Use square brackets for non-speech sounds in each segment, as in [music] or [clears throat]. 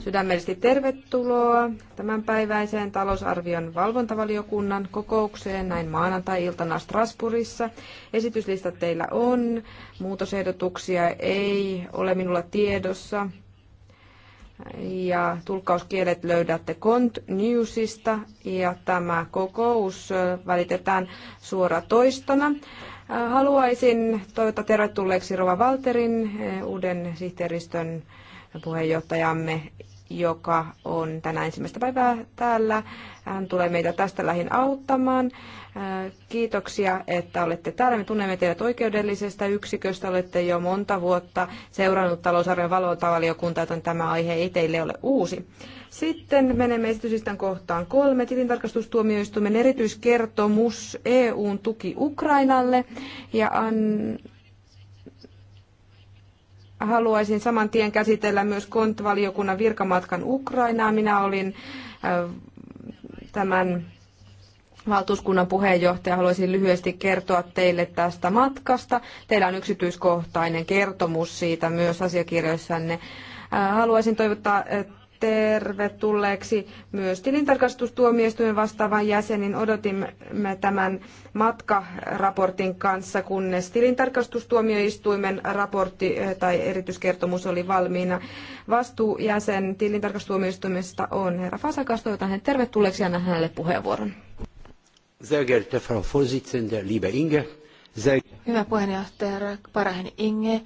Sydämellisesti tervetuloa tämänpäiväiseen talousarvion valvontavaliokunnan kokoukseen näin maanantai-iltana Strasbourgissa. Esityslista teillä on, muutosehdotuksia ei ole minulla tiedossa. Ja tulkkauskielet löydätte Cont Newsista ja tämä kokous välitetään suora toistona. Haluaisin toivottaa tervetulleeksi Rova Valterin, eh, uuden sihteeristön puheenjohtajamme joka on tänä ensimmäistä päivää täällä. Hän tulee meitä tästä lähin auttamaan. Äh, kiitoksia, että olette täällä. Me tunnemme teidät oikeudellisesta yksiköstä. Olette jo monta vuotta seurannut talousarvion valvontavaliokuntaa, joten tämä aihe ei teille ole uusi. Sitten menemme esityslistan kohtaan kolme. Tilintarkastustuomioistuimen erityiskertomus EUn tuki Ukrainalle. Ja an, haluaisin saman tien käsitellä myös kontvaliokunnan virkamatkan Ukrainaa. Minä olin tämän valtuuskunnan puheenjohtaja, haluaisin lyhyesti kertoa teille tästä matkasta. Teillä on yksityiskohtainen kertomus siitä myös asiakirjoissanne. Haluaisin toivottaa tervetulleeksi myös tilintarkastustuomioistuimen vastaavan jäsenin. Odotimme tämän matkaraportin kanssa, kunnes tilintarkastustuomioistuimen raportti eh, tai erityiskertomus oli valmiina. Vastuujäsen tilintarkastustuomioistuimesta on herra Fasakas, toivotan hänet tervetulleeksi ja annan hänelle puheenvuoron. Sehr geehrte Frau Vorsitzende, liebe Inge. Sehr... Hyvä puheenjohtaja, Parahen Inge,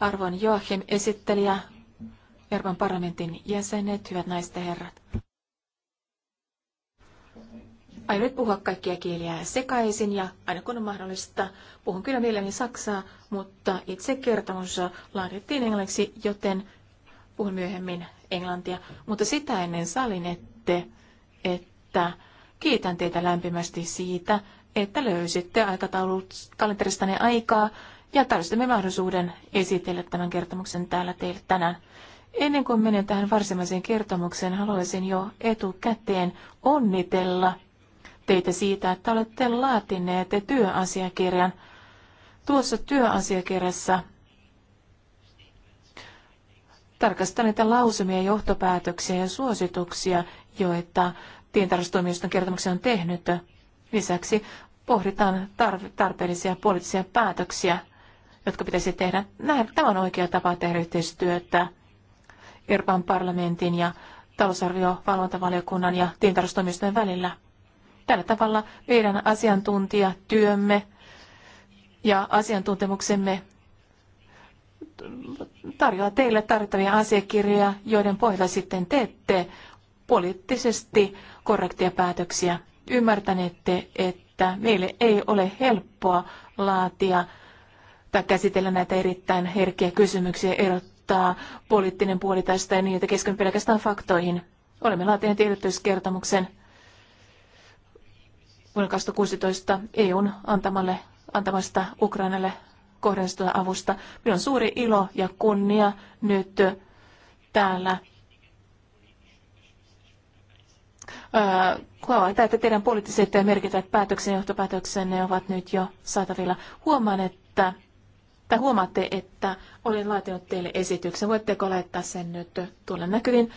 arvon Joachim esittelijä, Euroopan parlamentin jäsenet, hyvät naiset ja herrat. Aion nyt puhua kaikkia kieliä sekaisin ja aina kun on mahdollista, puhun kyllä mielelläni saksaa, mutta itse kertomus laadittiin englanniksi, joten puhun myöhemmin englantia. Mutta sitä ennen salin ette, että kiitän teitä lämpimästi siitä, että löysitte aikataulut kalenteristanne aikaa ja tarjostamme mahdollisuuden esitellä tämän kertomuksen täällä teille tänään. Ennen kuin menen tähän varsinaiseen kertomukseen, haluaisin jo etukäteen onnitella teitä siitä, että olette laatineet työasiakirjan. Tuossa työasiakirjassa tarkastan niitä lausumia, johtopäätöksiä ja suosituksia, joita tientarkastustoimiston kertomuksen on tehnyt. Lisäksi pohditaan tarpeellisia poliittisia päätöksiä, jotka pitäisi tehdä. Tämä on oikea tapa tehdä yhteistyötä Euroopan parlamentin ja talousarviovalvontavaliokunnan ja tilintarkastustoimistojen välillä. Tällä tavalla meidän asiantuntijatyömme ja asiantuntemuksemme tarjoaa teille tarvittavia asiakirjoja, joiden pohjalta sitten teette poliittisesti korrektia päätöksiä. Ymmärtänette, että meille ei ole helppoa laatia tai käsitellä näitä erittäin herkkiä kysymyksiä ottaa poliittinen puoli tästä ja niitä keskityn pelkästään faktoihin. Olemme laatineet edellytyskertomuksen vuonna 2016 EUn antamalle, antamasta Ukrainalle kohdennettua avusta. Minulla on suuri ilo ja kunnia nyt täällä Huomaa, että teidän poliittiset merkittävät päätöksenne ja johtopäätöksenne ovat nyt jo saatavilla. Huomaan, että tai huomaatte, että olen laatinut teille esityksen. Voitteko laittaa sen nyt tuolla näkyviin?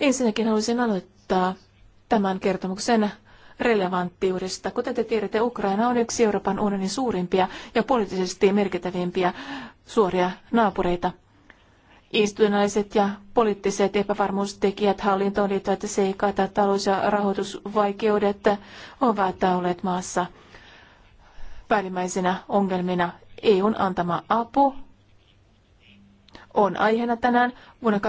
Ensinnäkin haluaisin aloittaa tämän kertomuksen relevanttiudesta. Kuten te tiedätte, Ukraina on yksi Euroopan unionin suurimpia ja poliittisesti merkittävimpiä suoria naapureita. Istuinaiset ja poliittiset epävarmuustekijät, hallintoon liittyvät seikat, talous- ja rahoitusvaikeudet ovat olleet maassa päällimmäisenä ongelmina EUn antama apu on aiheena tänään. Vuonna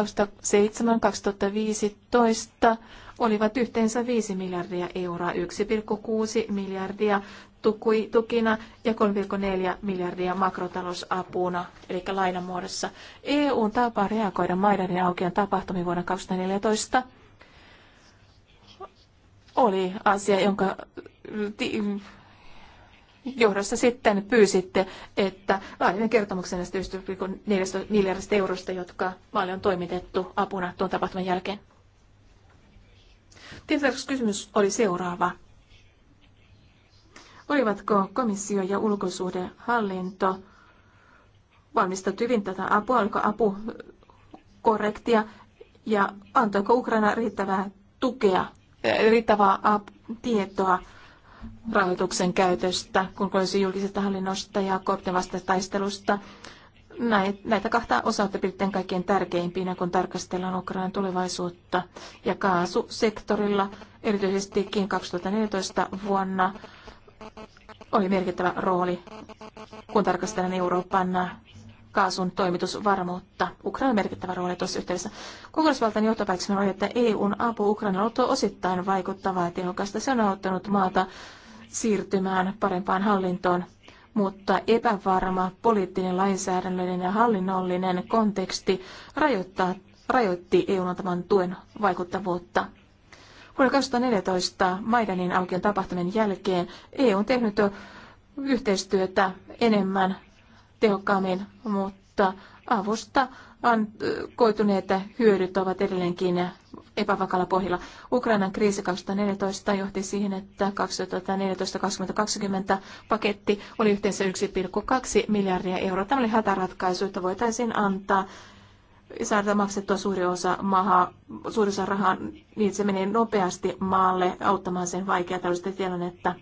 2007-2015 olivat yhteensä 5 miljardia euroa, 1,6 miljardia tukui, tukina ja 3,4 miljardia makrotalousapuna, eli lainamuodossa. EUn tapa reagoida maiden aukion tapahtumiin vuonna 2014 oli asia, jonka johdossa sitten pyysitte, että laadimme kertomuksen näistä 1,4 miljardista eurosta, jotka maalle on toimitettu apuna tuon tapahtuman jälkeen. kysymys oli seuraava. Olivatko komissio ja ulkosuhdehallinto valmisteltu hyvin tätä apua? Oliko apu korrektia ja antoiko Ukraina riittävää tukea, riittävää tietoa rahoituksen käytöstä, kun olisi julkisesta hallinnosta ja korruption taistelusta. Näitä kahta osaa pidetään kaikkein tärkeimpinä, kun tarkastellaan Ukrainan tulevaisuutta. Ja kaasusektorilla erityisesti 2014 vuonna oli merkittävä rooli, kun tarkastellaan Euroopan kaasun toimitusvarmuutta. Ukraina on merkittävä rooli tuossa yhteydessä. Kokonaisvaltainen johtopäätöksemme oli, että EUn apu Ukrainalle on osittain vaikuttavaa ja tehokasta. Se on auttanut maata siirtymään parempaan hallintoon, mutta epävarma poliittinen, lainsäädännöllinen ja hallinnollinen konteksti rajoittaa, rajoitti EUn antaman tuen vaikuttavuutta. Vuonna 2014 Maidanin aukion tapahtumien jälkeen EU on tehnyt yhteistyötä enemmän tehokkaammin, mutta avusta koituneet hyödyt ovat edelleenkin epävakalla pohjalla. Ukrainan kriisi 2014 johti siihen, että 2014-2020 paketti oli yhteensä 1,2 miljardia euroa. Tämä oli hätäratkaisu, että voitaisiin antaa saada maksettua suuri osa, maha, suuri osa rahaa, niin se menee nopeasti maalle auttamaan sen vaikeaa tällaista tilannetta.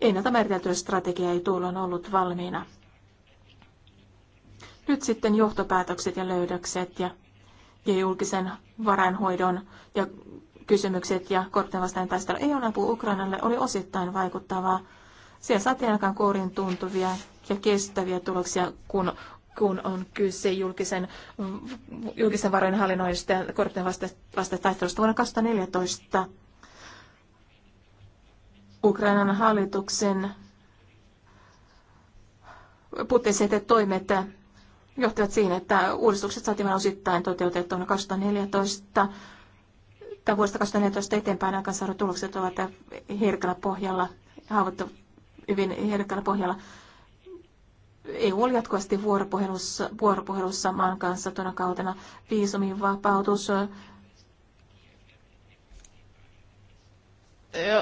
Ennalta määriteltyä strategia ei tuolloin ollut valmiina. Nyt sitten johtopäätökset ja löydökset ja, ja julkisen varainhoidon ja kysymykset ja korruption vastaan taistelu ole apu Ukrainalle oli osittain vaikuttavaa. Siellä saatiin aikaan kourin tuntuvia ja kestäviä tuloksia, kun, kun on kyse julkisen, julkisen varojen hallinnoista ja korruption vastaan taistelusta vuonna 2014. Ukrainan hallituksen puutteiset toimet johtivat siihen, että uudistukset saatiin osittain toteutettua vuonna 2014. Tämän vuodesta 2014 eteenpäin aikaansaadut tulokset ovat herkällä pohjalla, haavoittu hyvin herkällä pohjalla. EU oli jatkuvasti vuoropuhelussa, vuoropuhelussa maan kanssa tuona kautena. Viisumin vapautus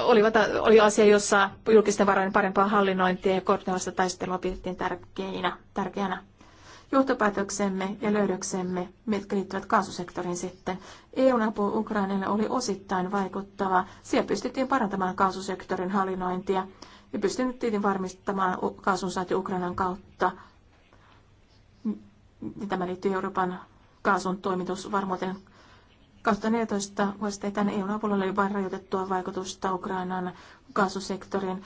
oli, oli asia, jossa julkisten varojen parempaa hallinnointia ja koordinoista taistelua pidettiin tärkeinä, tärkeänä johtopäätöksemme ja löydöksemme, mitkä liittyvät kaasusektoriin sitten. EUn apu Ukrainalle oli osittain vaikuttava. Siellä pystyttiin parantamaan kaasusektorin hallinnointia ja pystyttiin varmistamaan kaasun saati Ukrainan kautta. Tämä liittyy Euroopan kaasun toimitusvarmuuteen 2014 vuodesta tänne EUn avulla oli vain rajoitettua vaikutusta Ukrainan kaasusektoriin.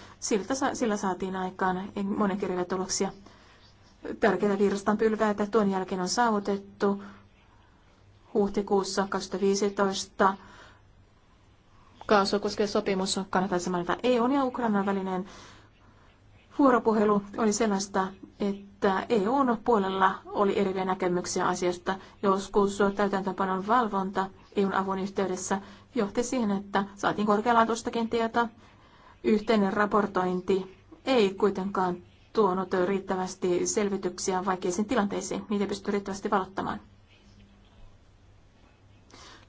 sillä saatiin aikaan monenkirjoja tuloksia tärkeitä virstanpylväitä tuon jälkeen on saavutettu huhtikuussa 2015 kaasua koskee sopimus kannattaisi mainita EU ja Ukrainan välinen vuoropuhelu oli sellaista, että EUn puolella oli eriviä näkemyksiä asiasta. Joskus täytäntöpanon valvonta EUn avun yhteydessä johti siihen, että saatiin korkealaatuistakin tietoa. Yhteinen raportointi ei kuitenkaan tuonut riittävästi selvityksiä vaikeisiin tilanteisiin, niitä pystyy riittävästi valottamaan.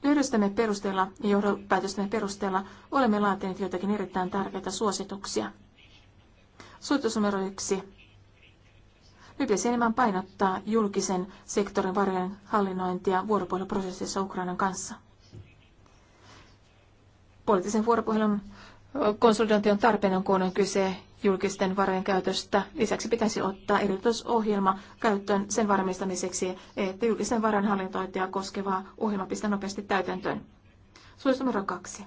Löydöstämme perusteella ja johdopäätöstämme perusteella olemme laatineet joitakin erittäin tärkeitä suosituksia. Suositus numero yksi. Nyt pitäisi enemmän painottaa julkisen sektorin varojen hallinnointia vuoropuheluprosessissa Ukrainan kanssa. Poliittisen vuoropuhelun konsolidointi on tarpeen, kun on kyse julkisten varojen käytöstä. Lisäksi pitäisi ottaa erityisohjelma käyttöön sen varmistamiseksi, että julkisen varan hallintointia koskevaa ohjelma pistää nopeasti täytäntöön. Suositus numero kaksi.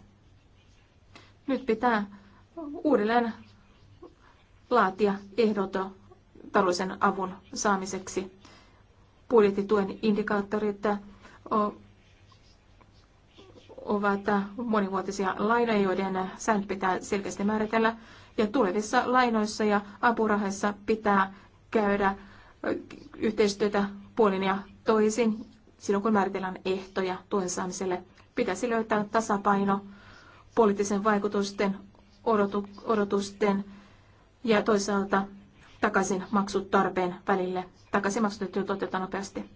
Nyt pitää uudelleen laatia ehdot taloudellisen avun saamiseksi. Budjettituen indikaattorit ovat monivuotisia lainoja, joiden säännöt pitää selkeästi määritellä. Ja tulevissa lainoissa ja apurahoissa pitää käydä yhteistyötä puolin ja toisin silloin, kun määritellään ehtoja tuen saamiselle. Pitäisi löytää tasapaino poliittisen vaikutusten, odotu, odotusten ja toisaalta takaisin maksutarpeen välille. Takaisin maksutettuja toteutetaan nopeasti.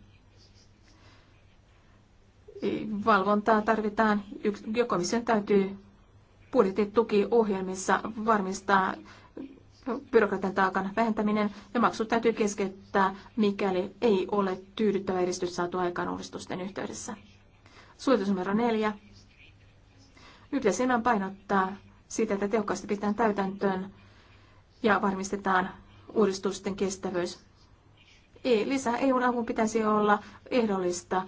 Valvontaa tarvitaan. Komission täytyy budjettitukiohjelmissa varmistaa byrokratian taakan vähentäminen ja maksut täytyy keskeyttää, mikäli ei ole tyydyttävä edistys saatu aikaan uudistusten yhteydessä. Suositus numero neljä. Yhteensä enemmän painottaa sitä, että tehokkaasti pitää täytäntöön ja varmistetaan uudistusten kestävyys. Ei, lisää EUn avun pitäisi olla ehdollista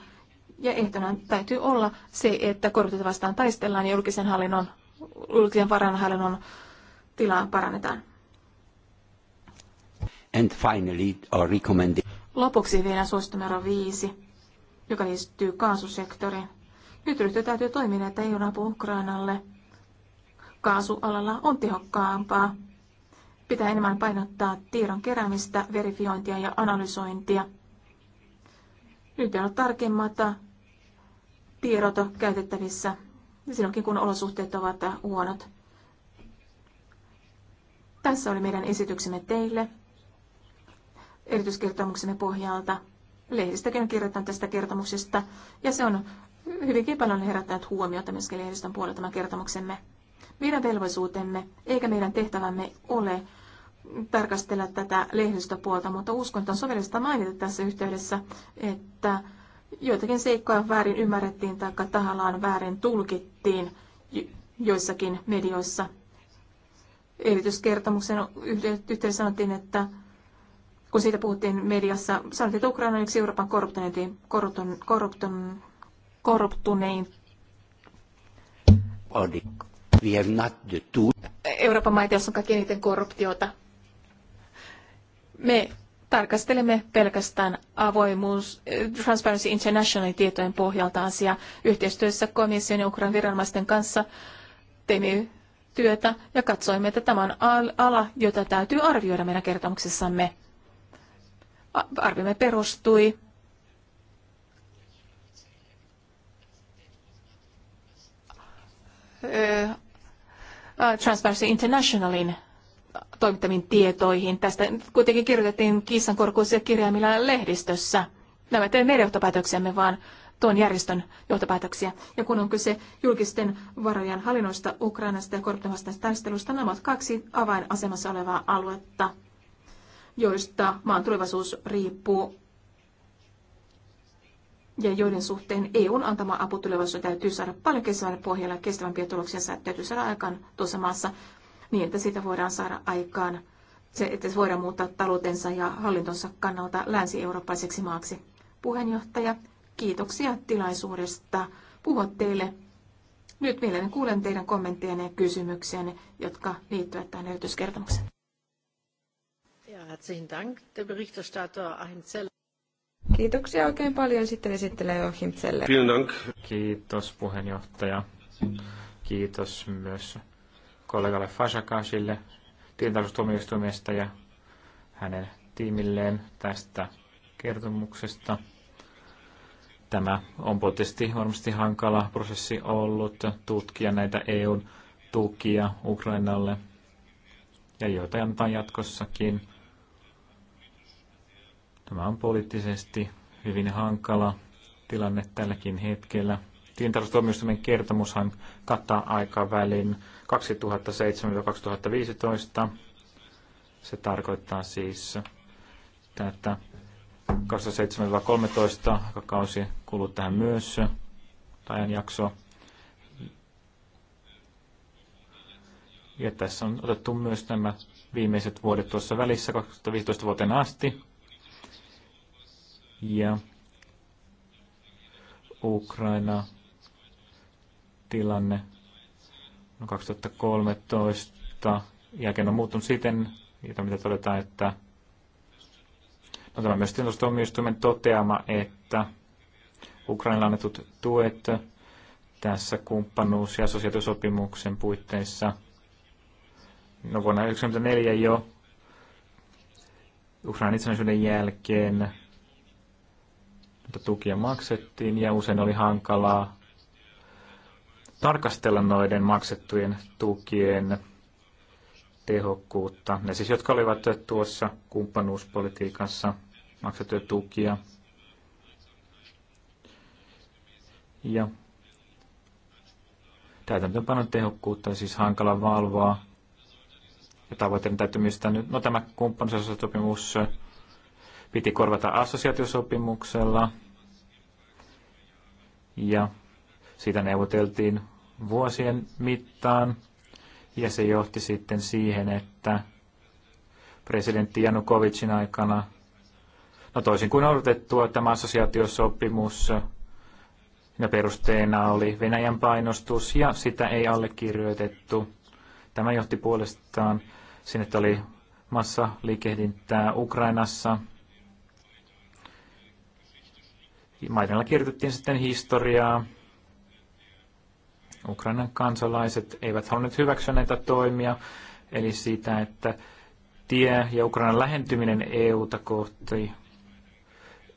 ja ehtona täytyy olla se, että korotetta vastaan taistellaan ja julkisen hallinnon julkisen varanhallinnon tilaa parannetaan. And finally, our Lopuksi vielä suositus numero viisi, joka liittyy kaasusektoriin. Nyt ryhtyy täytyy toimia, että EU-apu Ukrainalle kaasualalla on tehokkaampaa. Pitää enemmän painottaa tiedon keräämistä, verifiointia ja analysointia. Nyt on tarkemmat tiedot käytettävissä silloinkin, kun olosuhteet ovat huonot. Tässä oli meidän esityksemme teille erityiskertomuksemme pohjalta. Lehdistäkin on kirjoittanut tästä kertomuksesta, ja se on hyvinkin paljon herättänyt huomiota myöskin lehdistön puolella tämän kertomuksemme. Meidän velvollisuutemme, eikä meidän tehtävämme ole tarkastella tätä lehdistöpuolta, mutta uskon, että on sovellista mainita tässä yhteydessä, että joitakin seikkoja väärin ymmärrettiin tai tahallaan väärin tulkittiin joissakin medioissa. Erityiskertomuksen yhteydessä sanottiin, että kun siitä puhuttiin mediassa, sanottiin, että Ukraina on yksi Euroopan korruptonein, korrupton, korruptun, korruptunein. Euroopan maita, jossa on kaikkein eniten korruptiota. Me tarkastelemme pelkästään avoimuus Transparency Internationalin tietojen pohjalta asiaa yhteistyössä komission ja Ukrainan viranomaisten kanssa. Teimme työtä ja katsoimme, että tämä on ala, jota täytyy arvioida meidän kertomuksessamme. Arviomme perustui Transparency Internationalin toimittamiin tietoihin. Tästä kuitenkin kirjoitettiin kissan korkuisia kirjaimilla lehdistössä. Nämä teemme meidän johtopäätöksiämme, vaan tuon järjestön johtopäätöksiä. Ja kun on kyse julkisten varojen hallinnoista Ukrainasta ja korruption taistelusta, nämä ovat kaksi avainasemassa olevaa aluetta, joista maan tulevaisuus riippuu ja joiden suhteen EUn antama apu tulevaisuudessa täytyy saada paljon kestävälle pohjalle kestävämpiä tuloksia täytyy saada aikaan tuossa maassa niin, että sitä voidaan saada aikaan, se, että se voidaan muuttaa taloutensa ja hallintonsa kannalta länsi-eurooppaiseksi maaksi. Puheenjohtaja, kiitoksia tilaisuudesta puhua teille. Nyt mielelläni kuulen teidän kommenttejanne ja kysymyksenne, jotka liittyvät tähän erityiskertomukseen. Kiitoksia oikein paljon. Sitten esittelee Joachim Kiitos puheenjohtaja. Kiitos myös kollegalle Fasakasille tilintarkastustuomioistuimesta ja hänen tiimilleen tästä kertomuksesta. Tämä on potesti varmasti hankala prosessi ollut tutkia näitä EUn tukia Ukrainalle ja joita annetaan jatkossakin. Tämä on poliittisesti hyvin hankala tilanne tälläkin hetkellä. Tilintarkastustuomioistuimen kertomushan kattaa aikavälin 2007-2015. Se tarkoittaa siis tätä 2007-2013 kausi kuuluu tähän myös ajanjakso. Ja tässä on otettu myös nämä viimeiset vuodet tuossa välissä 2015 vuoteen asti. Ja Ukraina tilanne no 2013 jälkeen on muuttunut siten, jota mitä todetaan, että no tämä myös tilastuomioistuimen toteama, että Ukrainalle annetut tuet tässä kumppanuus- ja sosiaalisopimuksen puitteissa no vuonna 1994 jo Ukrainan itsenäisyyden jälkeen mutta tukia maksettiin ja usein oli hankalaa tarkastella noiden maksettujen tukien tehokkuutta. Ne siis, jotka olivat tuossa kumppanuuspolitiikassa maksettuja tukia. Ja täytäntöönpanon tehokkuutta on siis hankala valvoa. Ja tavoitteiden täyttymistä nyt, no tämä kumppanuussopimus piti korvata assosiaatiosopimuksella. Ja siitä neuvoteltiin vuosien mittaan. Ja se johti sitten siihen, että presidentti Janukovicin aikana, no toisin kuin odotettua, tämä assosiaatiosopimus ja perusteena oli Venäjän painostus ja sitä ei allekirjoitettu. Tämä johti puolestaan sinne, että oli massa liikehdintää Ukrainassa. Maidalla kirjoitettiin sitten historiaa Ukrainan kansalaiset eivät halunneet hyväksyä näitä toimia, eli sitä, että tie ja Ukrainan lähentyminen EU-ta kohti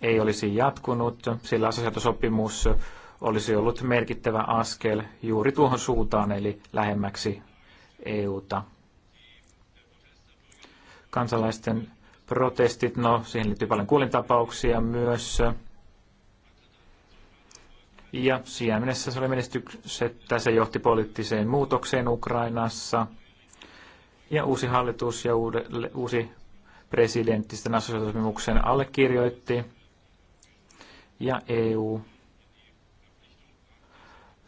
ei olisi jatkunut, sillä assosiaatiosopimus olisi ollut merkittävä askel juuri tuohon suuntaan, eli lähemmäksi EUta. Kansalaisten protestit, no siihen liittyy paljon kuolintapauksia myös, ja Siemenessä se oli menestyksettä, se johti poliittiseen muutokseen Ukrainassa. Ja uusi hallitus ja uudelle, uusi presidentti sitten assosiaatiosopimuksen allekirjoitti. Ja EU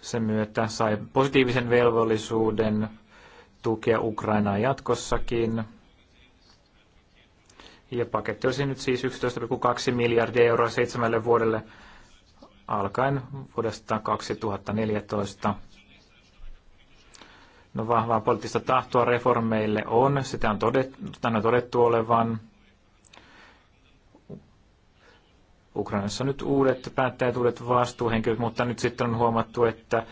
sen myötä sai positiivisen velvollisuuden tukea Ukrainaa jatkossakin. Ja paketti olisi nyt siis 11,2 miljardia euroa seitsemälle vuodelle – alkaen vuodesta 2014. No vahvaa poliittista tahtoa reformeille on, sitä on todettu, on todettu olevan. Ukrainassa nyt uudet päättäjät, uudet vastuuhenkilöt, mutta nyt sitten on huomattu, että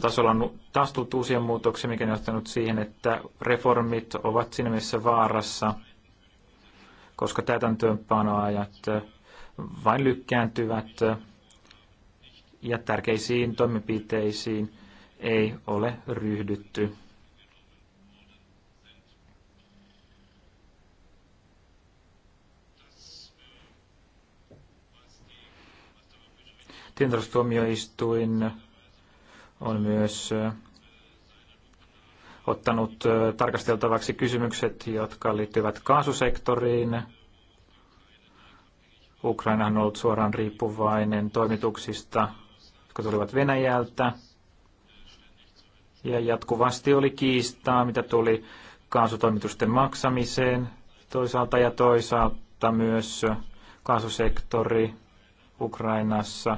tasolla on taas tullut uusia muutoksia, mikä on johtanut siihen, että reformit ovat siinä mielessä vaarassa, koska täytäntöönpanoajat vain lykkääntyvät ja tärkeisiin toimenpiteisiin ei ole ryhdytty. Tientarastuomioistuin on myös ottanut tarkasteltavaksi kysymykset, jotka liittyvät kaasusektoriin. Ukraina on ollut suoraan riippuvainen toimituksista jotka tulivat Venäjältä. Ja jatkuvasti oli kiistaa, mitä tuli kaasutoimitusten maksamiseen toisaalta ja toisaalta myös kaasusektori Ukrainassa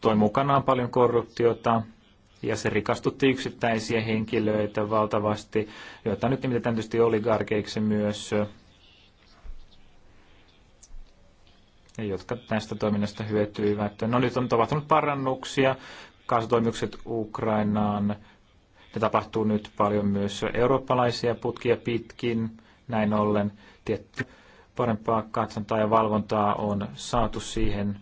toi mukanaan paljon korruptiota ja se rikastutti yksittäisiä henkilöitä valtavasti, joita nyt nimitetään tietysti oligarkeiksi myös ja jotka tästä toiminnasta hyötyivät. No nyt on tapahtunut parannuksia, kaasutoimitukset Ukrainaan, ne tapahtuu nyt paljon myös eurooppalaisia putkia pitkin, näin ollen tietty parempaa katsontaa ja valvontaa on saatu siihen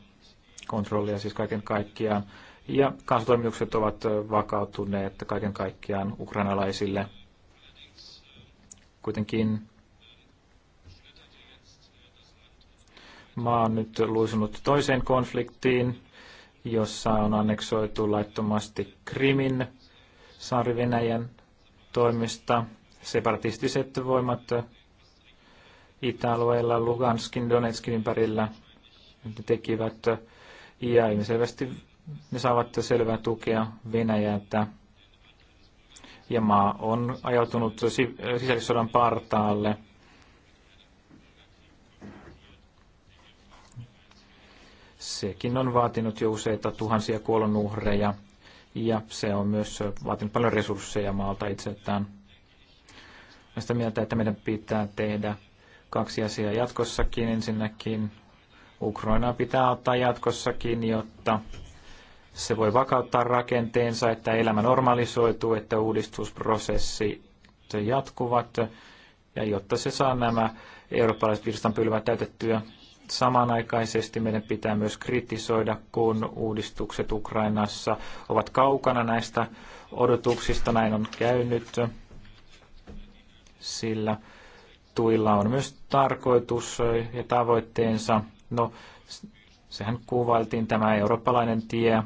kontrollia siis kaiken kaikkiaan. Ja kaasutoimitukset ovat vakautuneet kaiken kaikkiaan ukrainalaisille. Kuitenkin maa on nyt luisunut toiseen konfliktiin, jossa on anneksoitu laittomasti Krimin saari-Venäjän toimista. Separatistiset voimat Itä-alueella, Luganskin, Donetskin ympärillä ne tekivät. Ja ilmiselvästi ne saavat selvää tukea Venäjältä. Ja maa on ajautunut sisällissodan partaalle – Sekin on vaatinut jo useita tuhansia kuolonuhreja ja se on myös vaatinut paljon resursseja maalta itseltään. Mä mieltä, että meidän pitää tehdä kaksi asiaa jatkossakin. Ensinnäkin Ukraina pitää ottaa jatkossakin, jotta se voi vakauttaa rakenteensa, että elämä normalisoituu, että uudistusprosessi jatkuvat ja jotta se saa nämä eurooppalaiset virstanpylvät täytettyä Samanaikaisesti meidän pitää myös kritisoida, kun uudistukset Ukrainassa ovat kaukana näistä odotuksista. Näin on käynyt, sillä tuilla on myös tarkoitus ja tavoitteensa. No, sehän kuvailtiin tämä eurooppalainen tie,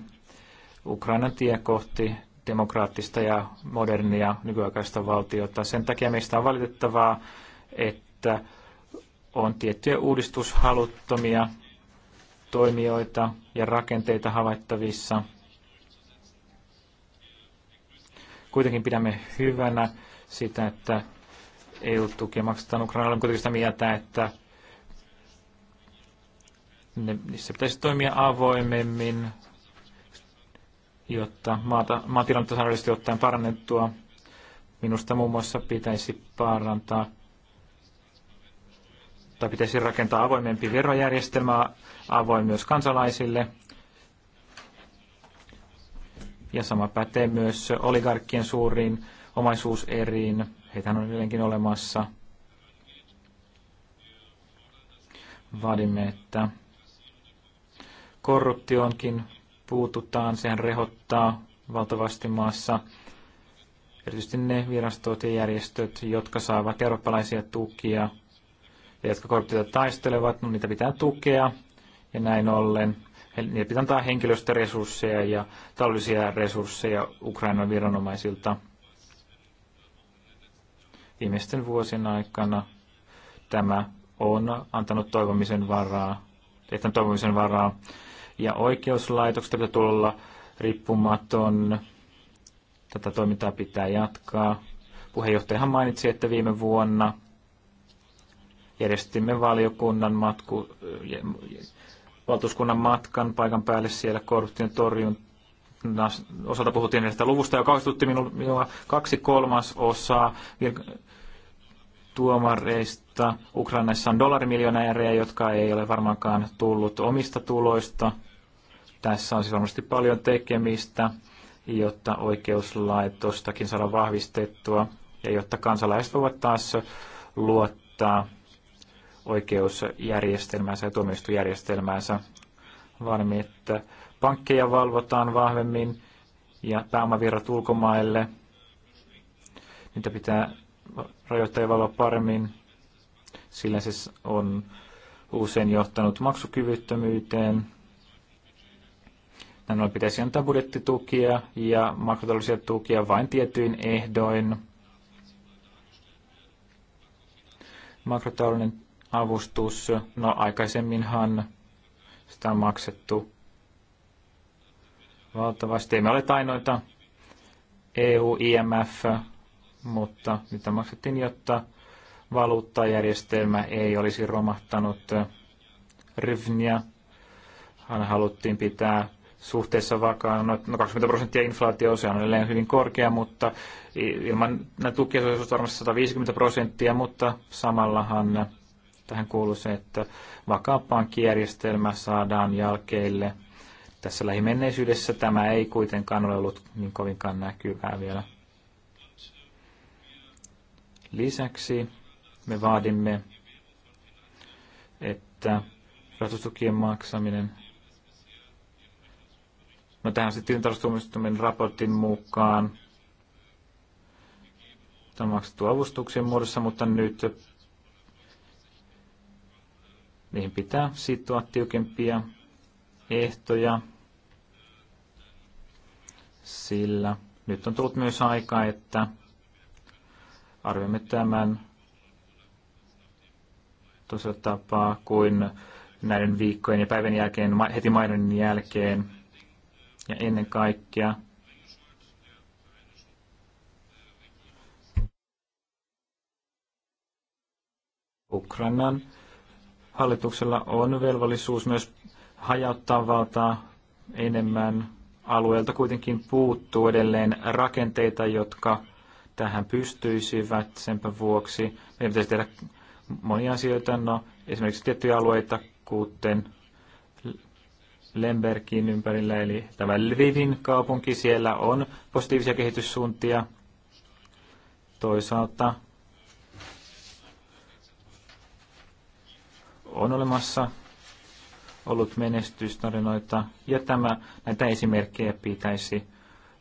Ukrainan tie kohti demokraattista ja modernia nykyaikaista valtiota. Sen takia meistä on valitettavaa, että on tiettyjä uudistushaluttomia toimijoita ja rakenteita havaittavissa. Kuitenkin pidämme hyvänä sitä, että EU-tukia maksetaan Ukrainalle. Olen kuitenkin sitä mieltä, että ne, niissä pitäisi toimia avoimemmin, jotta maata, maatilannetta saadaan ottaen parannettua. Minusta muun muassa pitäisi parantaa tai pitäisi rakentaa avoimempi verojärjestelmä, avoin myös kansalaisille. Ja sama pätee myös oligarkkien suuriin omaisuuseriin. heitä on edelleenkin olemassa. Vaadimme, että korruptioonkin puututaan. Sehän rehottaa valtavasti maassa erityisesti ne virastot ja järjestöt, jotka saavat eurooppalaisia tukia – ja jotka korruptiota taistelevat, no niitä pitää tukea ja näin ollen. Niitä pitää antaa henkilöstöresursseja ja taloudellisia resursseja Ukrainan viranomaisilta viimeisten vuosien aikana. Tämä on antanut toivomisen varaa, tehtävän toivomisen varaa. Ja oikeuslaitoksesta pitää tulla riippumaton. Tätä toimintaa pitää jatkaa. Puheenjohtajahan mainitsi, että viime vuonna järjestimme valiokunnan matku, valtuuskunnan matkan paikan päälle siellä korruption torjun osalta puhuttiin näistä luvusta, ja vastutti minua kaksi kolmas osaa tuomareista. Ukrainassa on dollarimiljonäärejä, jotka ei ole varmaankaan tullut omista tuloista. Tässä on siis varmasti paljon tekemistä, jotta oikeuslaitostakin saadaan vahvistettua ja jotta kansalaiset voivat taas luottaa oikeusjärjestelmäänsä ja tuomioistujärjestelmäänsä, vaan että pankkeja valvotaan vahvemmin ja pääomavirrat ulkomaille. Niitä pitää rajoittaa ja valvoa paremmin, sillä se siis on usein johtanut maksukyvyttömyyteen. Näin pitäisi antaa budjettitukia ja makrotaloudellisia tukia vain tietyin ehdoin. Makrotaloudellinen avustus. No aikaisemminhan sitä on maksettu valtavasti. Emme ole ainoita EU, IMF, mutta niitä maksettiin, jotta valuuttajärjestelmä ei olisi romahtanut. ryhmiä. hän haluttiin pitää suhteessa vakaan. No 20 no, prosenttia inflaatio, se on edelleen hyvin korkea, mutta ilman tukia se olisi varmasti 150 prosenttia, mutta samallahan Tähän kuuluu se, että vakaa pankkijärjestelmä saadaan jälkeille. Tässä lähimenneisyydessä tämä ei kuitenkaan ole ollut niin kovinkaan näkyvää vielä. Lisäksi me vaadimme, että rahoitustukien maksaminen No tähän sitten tilintarkastustuomioistuimen raportin mukaan tämä on maksettu avustuksen muodossa, mutta nyt Niihin pitää sitoa tiukempia ehtoja, sillä nyt on tullut myös aika, että arvioimme tämän toisella tapaa kuin näiden viikkojen ja päivän jälkeen, heti mainonnin jälkeen ja ennen kaikkea Ukrainan Hallituksella on velvollisuus myös hajauttaa valtaa enemmän. Alueelta kuitenkin puuttuu edelleen rakenteita, jotka tähän pystyisivät. Senpä vuoksi meidän pitäisi tehdä monia asioita. No, esimerkiksi tiettyjä alueita, kuten Lembergin ympärillä, eli tämä Lvivin kaupunki, siellä on positiivisia kehityssuuntia. Toisaalta on olemassa ollut menestystarinoita, ja tämä, näitä esimerkkejä pitäisi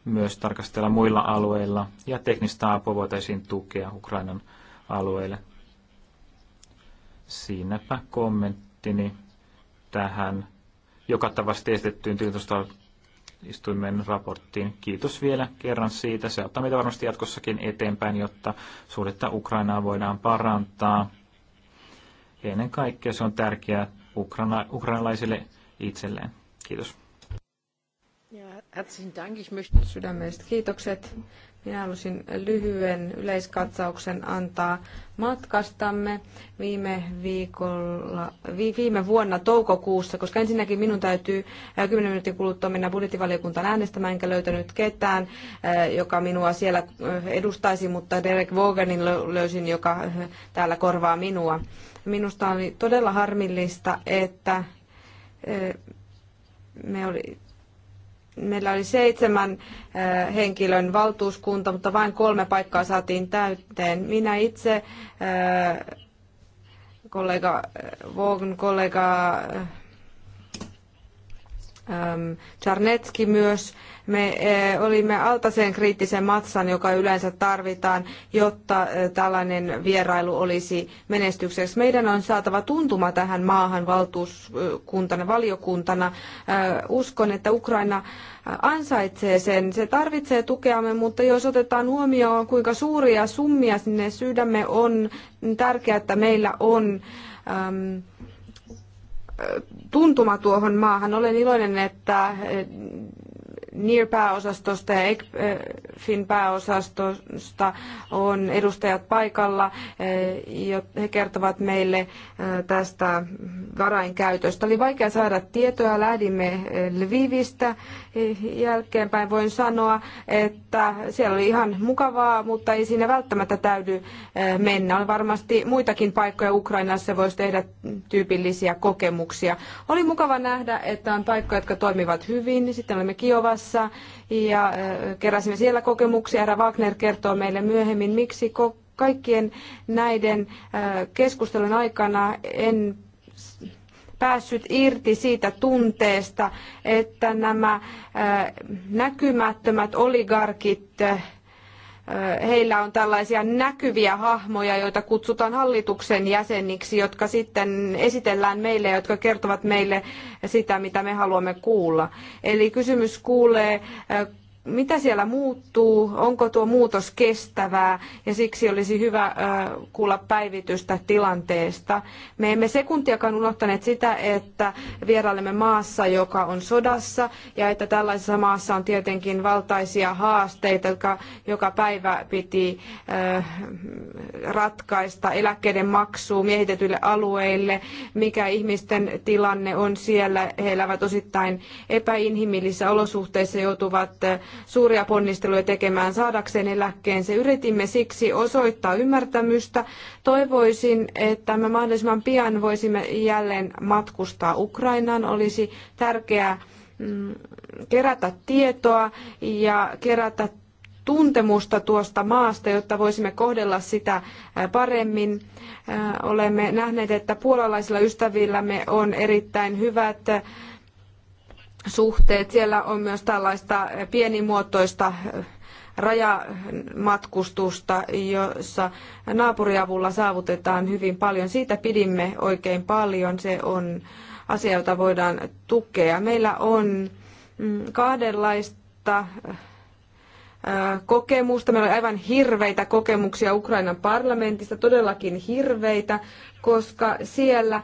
myös tarkastella muilla alueilla, ja teknistä apua voitaisiin tukea Ukrainan alueille. Siinäpä kommenttini tähän joka tavasti estettyyn tilintustuimen raporttiin. Kiitos vielä kerran siitä. Se ottaa meitä varmasti jatkossakin eteenpäin, jotta suhdetta Ukrainaa voidaan parantaa ennen kaikkea se on tärkeää ukraina, ukrainalaisille itselleen. Kiitos. Ja, herzlichen Dank. Ich möchte Sydämelliset kiitokset. Minä halusin lyhyen yleiskatsauksen antaa matkastamme viime, viikolla, viime vuonna toukokuussa, koska ensinnäkin minun täytyy 10 minuutin kuluttua mennä budjettivaliokuntaan äänestämään, enkä löytänyt ketään, joka minua siellä edustaisi, mutta Derek Vogelin löysin, joka täällä korvaa minua. Minusta oli todella harmillista, että me oli, meillä oli seitsemän henkilön valtuuskunta, mutta vain kolme paikkaa saatiin täyteen. Minä itse, kollega Vogan, kollega Ähm, Czarnetski myös. Me äh, olimme altaseen kriittisen matsan, joka yleensä tarvitaan, jotta äh, tällainen vierailu olisi menestykseksi. Meidän on saatava tuntuma tähän maahan valtuuskuntana, valiokuntana. Äh, uskon, että Ukraina ansaitsee sen. Se tarvitsee tukeamme, mutta jos otetaan huomioon, kuinka suuria summia sinne sydämme on, niin tärkeää, että meillä on ähm, tuntuma tuohon maahan. Olen iloinen, että eh, NIR-pääosastosta ja ECFin eh, pääosastosta on edustajat paikalla. Eh, he kertovat meille tästä varainkäytöstä. Oli vaikea saada tietoa. Lähdimme Lvivistä jälkeenpäin voin sanoa, että siellä oli ihan mukavaa, mutta ei siinä välttämättä täydy eh, mennä. On varmasti muitakin paikkoja Ukrainassa, voisi tehdä tyypillisiä kokemuksia. Oli mukava nähdä, että on paikkoja, jotka toimivat hyvin. Sitten olimme Kiovassa ja eh, keräsimme siellä kokemuksia. Herra Wagner kertoo meille myöhemmin, miksi kaikkien näiden eh, keskustelun aikana en päässyt irti siitä tunteesta, että nämä äh, näkymättömät oligarkit äh, heillä on tällaisia näkyviä hahmoja, joita kutsutaan hallituksen jäseniksi, jotka sitten esitellään meille, jotka kertovat meille sitä, mitä me haluamme kuulla. Eli kysymys kuulee äh, mitä siellä muuttuu, onko tuo muutos kestävää ja siksi olisi hyvä kuulla päivitystä tilanteesta. Me emme sekuntiakaan unohtaneet sitä, että vierailemme maassa, joka on sodassa ja että tällaisessa maassa on tietenkin valtaisia haasteita, jotka joka päivä piti ratkaista eläkkeiden maksu, miehitetyille alueille, mikä ihmisten tilanne on siellä. He elävät osittain epäinhimillisissä olosuhteissa, joutuvat suuria ponnisteluja tekemään saadakseen se Yritimme siksi osoittaa ymmärtämystä. Toivoisin, että me mahdollisimman pian voisimme jälleen matkustaa Ukrainaan. Olisi tärkeää mm, kerätä tietoa ja kerätä tuntemusta tuosta maasta, jotta voisimme kohdella sitä äh, paremmin. Äh, olemme nähneet, että puolalaisilla ystävillämme on erittäin hyvät äh, suhteet. Siellä on myös tällaista pienimuotoista rajamatkustusta, jossa naapuriavulla saavutetaan hyvin paljon. Siitä pidimme oikein paljon. Se on asia, jota voidaan tukea. Meillä on mm, kahdenlaista kokemusta. Meillä oli aivan hirveitä kokemuksia Ukrainan parlamentista, todellakin hirveitä, koska siellä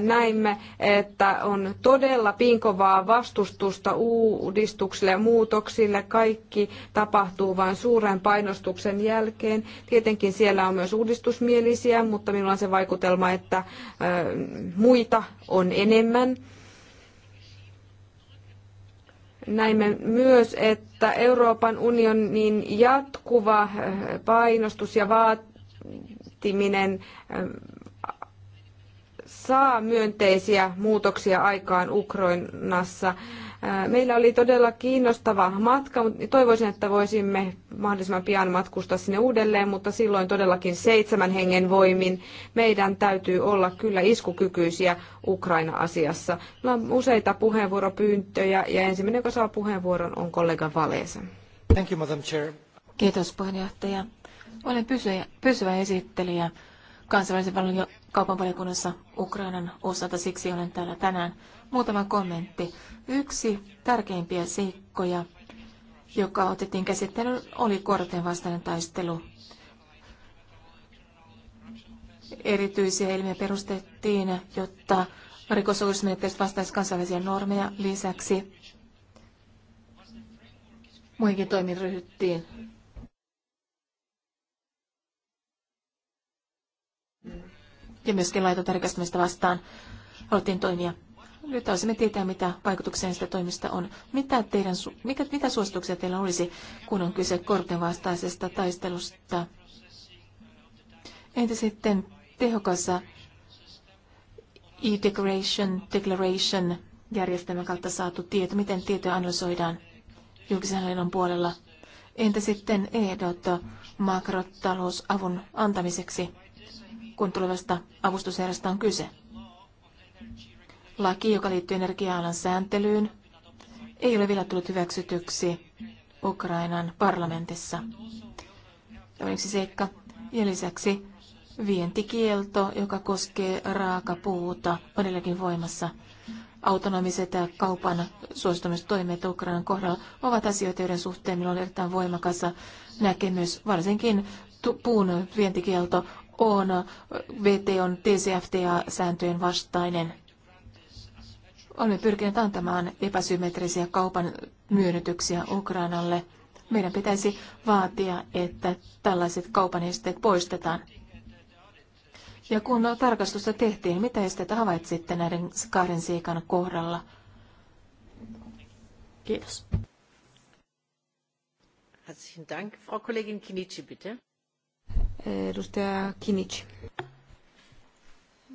näimme, että on todella pinkovaa vastustusta uudistuksille ja muutoksille. Kaikki tapahtuu vain suuren painostuksen jälkeen. Tietenkin siellä on myös uudistusmielisiä, mutta minulla on se vaikutelma, että muita on enemmän. Näimme myös, että Euroopan unionin jatkuva eh, painostus ja vaatiminen eh, saa myönteisiä muutoksia aikaan Ukrainassa. Meillä oli todella kiinnostava matka, mutta toivoisin, että voisimme mahdollisimman pian matkustaa sinne uudelleen, mutta silloin todellakin seitsemän hengen voimin meidän täytyy olla kyllä iskukykyisiä Ukraina-asiassa. Meillä on useita puheenvuoropyyntöjä ja ensimmäinen, joka saa puheenvuoron, on kollega Valesa. Thank you, Madam Chair. Kiitos puheenjohtaja. Olen pysyvä, pysyvä esittelijä kansainvälisen kaupan valiokunnassa Ukrainan osalta, siksi olen täällä tänään. Muutama kommentti. Yksi tärkeimpiä seikkoja, joka otettiin käsittelyyn, oli korten vastainen taistelu. Erityisiä ilmiä perustettiin, jotta rikosoikeusmenettelyt vastaisi kansainvälisiä normeja lisäksi. Muihinkin toimiin ryhdyttiin. Ja myöskin laitotarkastamista tarkastamista vastaan haluttiin toimia. Nyt olisimme tietää, mitä vaikutuksia näistä toimista on. Mitä, teidän, mikä, mitä suosituksia teillä olisi, kun on kyse korten vastaisesta taistelusta? Entä sitten tehokassa e-declaration declaration järjestelmän kautta saatu tieto, miten tietoja analysoidaan julkisen hallinnon puolella? Entä sitten ehdot makrotalousavun antamiseksi, kun tulevasta avustusjärjestä on kyse? Laki, joka liittyy energia-alan sääntelyyn, ei ole vielä tullut hyväksytyksi Ukrainan parlamentissa. Tämä on yksi seikka. Ja lisäksi vientikielto, joka koskee raakapuuta, on edelläkin voimassa. Autonomiset ja kaupan suostumistoimet Ukrainan kohdalla ovat asioita, joiden suhteen minulla on erittäin voimakas näkemys. Varsinkin puun vientikielto on VTOn TCFTA-sääntöjen vastainen Olemme pyrkineet antamaan epäsymmetrisiä kaupan myönnytyksiä Ukrainalle. Meidän pitäisi vaatia, että tällaiset kaupan esteet poistetaan. Ja kun tarkastusta tehtiin, mitä esteitä havaitsitte näiden kahden siikan kohdalla? Kiitos. Herzlichen Dank. Frau Kollegin Kinici, bitte. Edustaja Kinici.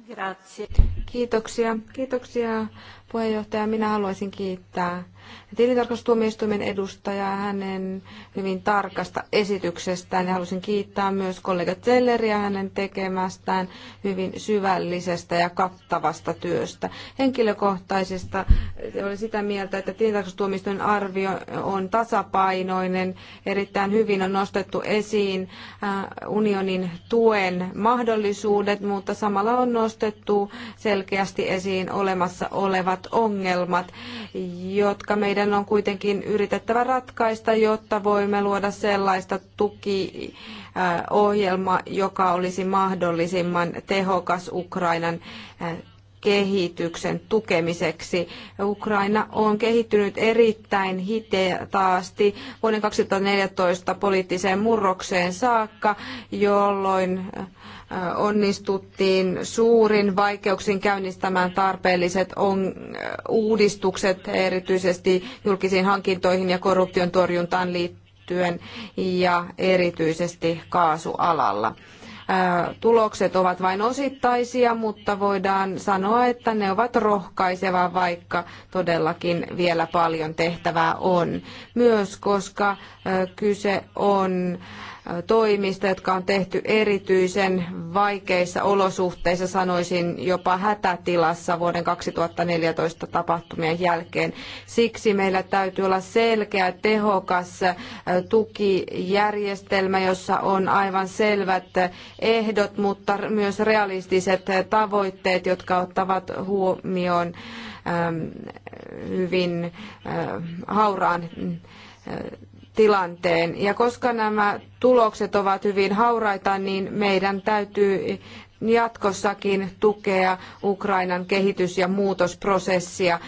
Grazie. Kiitoksia. Kiitoksia Puheenjohtaja, minä haluaisin kiittää tilintarkastustuomioistuimen edustajaa hänen hyvin tarkasta esityksestään ja haluaisin kiittää myös kollega Zelleriä hänen tekemästään hyvin syvällisestä ja kattavasta työstä. Henkilökohtaisesta olen sitä mieltä, että tilintarkastustuomioistuimen arvio on tasapainoinen, erittäin hyvin on nostettu esiin äh, unionin tuen mahdollisuudet, mutta samalla on nostettu selkeästi esiin olemassa olevat olevat ongelmat, jotka meidän on kuitenkin yritettävä ratkaista, jotta voimme luoda sellaista tukiohjelmaa, joka olisi mahdollisimman tehokas Ukrainan kehityksen tukemiseksi. Ukraina on kehittynyt erittäin hitaasti vuoden 2014 poliittiseen murrokseen saakka, jolloin onnistuttiin suurin vaikeuksin käynnistämään tarpeelliset uudistukset erityisesti julkisiin hankintoihin ja korruption torjuntaan liittyen ja erityisesti kaasualalla. Tulokset ovat vain osittaisia, mutta voidaan sanoa, että ne ovat rohkaisevia, vaikka todellakin vielä paljon tehtävää on. Myös koska kyse on toimista, jotka on tehty erityisen vaikeissa olosuhteissa, sanoisin jopa hätätilassa vuoden 2014 tapahtumien jälkeen. Siksi meillä täytyy olla selkeä, tehokas tukijärjestelmä, jossa on aivan selvät ehdot, mutta myös realistiset tavoitteet, jotka ottavat huomioon hyvin hauraan tilanteen. Ja koska nämä tulokset ovat hyvin hauraita, niin meidän täytyy jatkossakin tukea Ukrainan kehitys- ja muutosprosessia,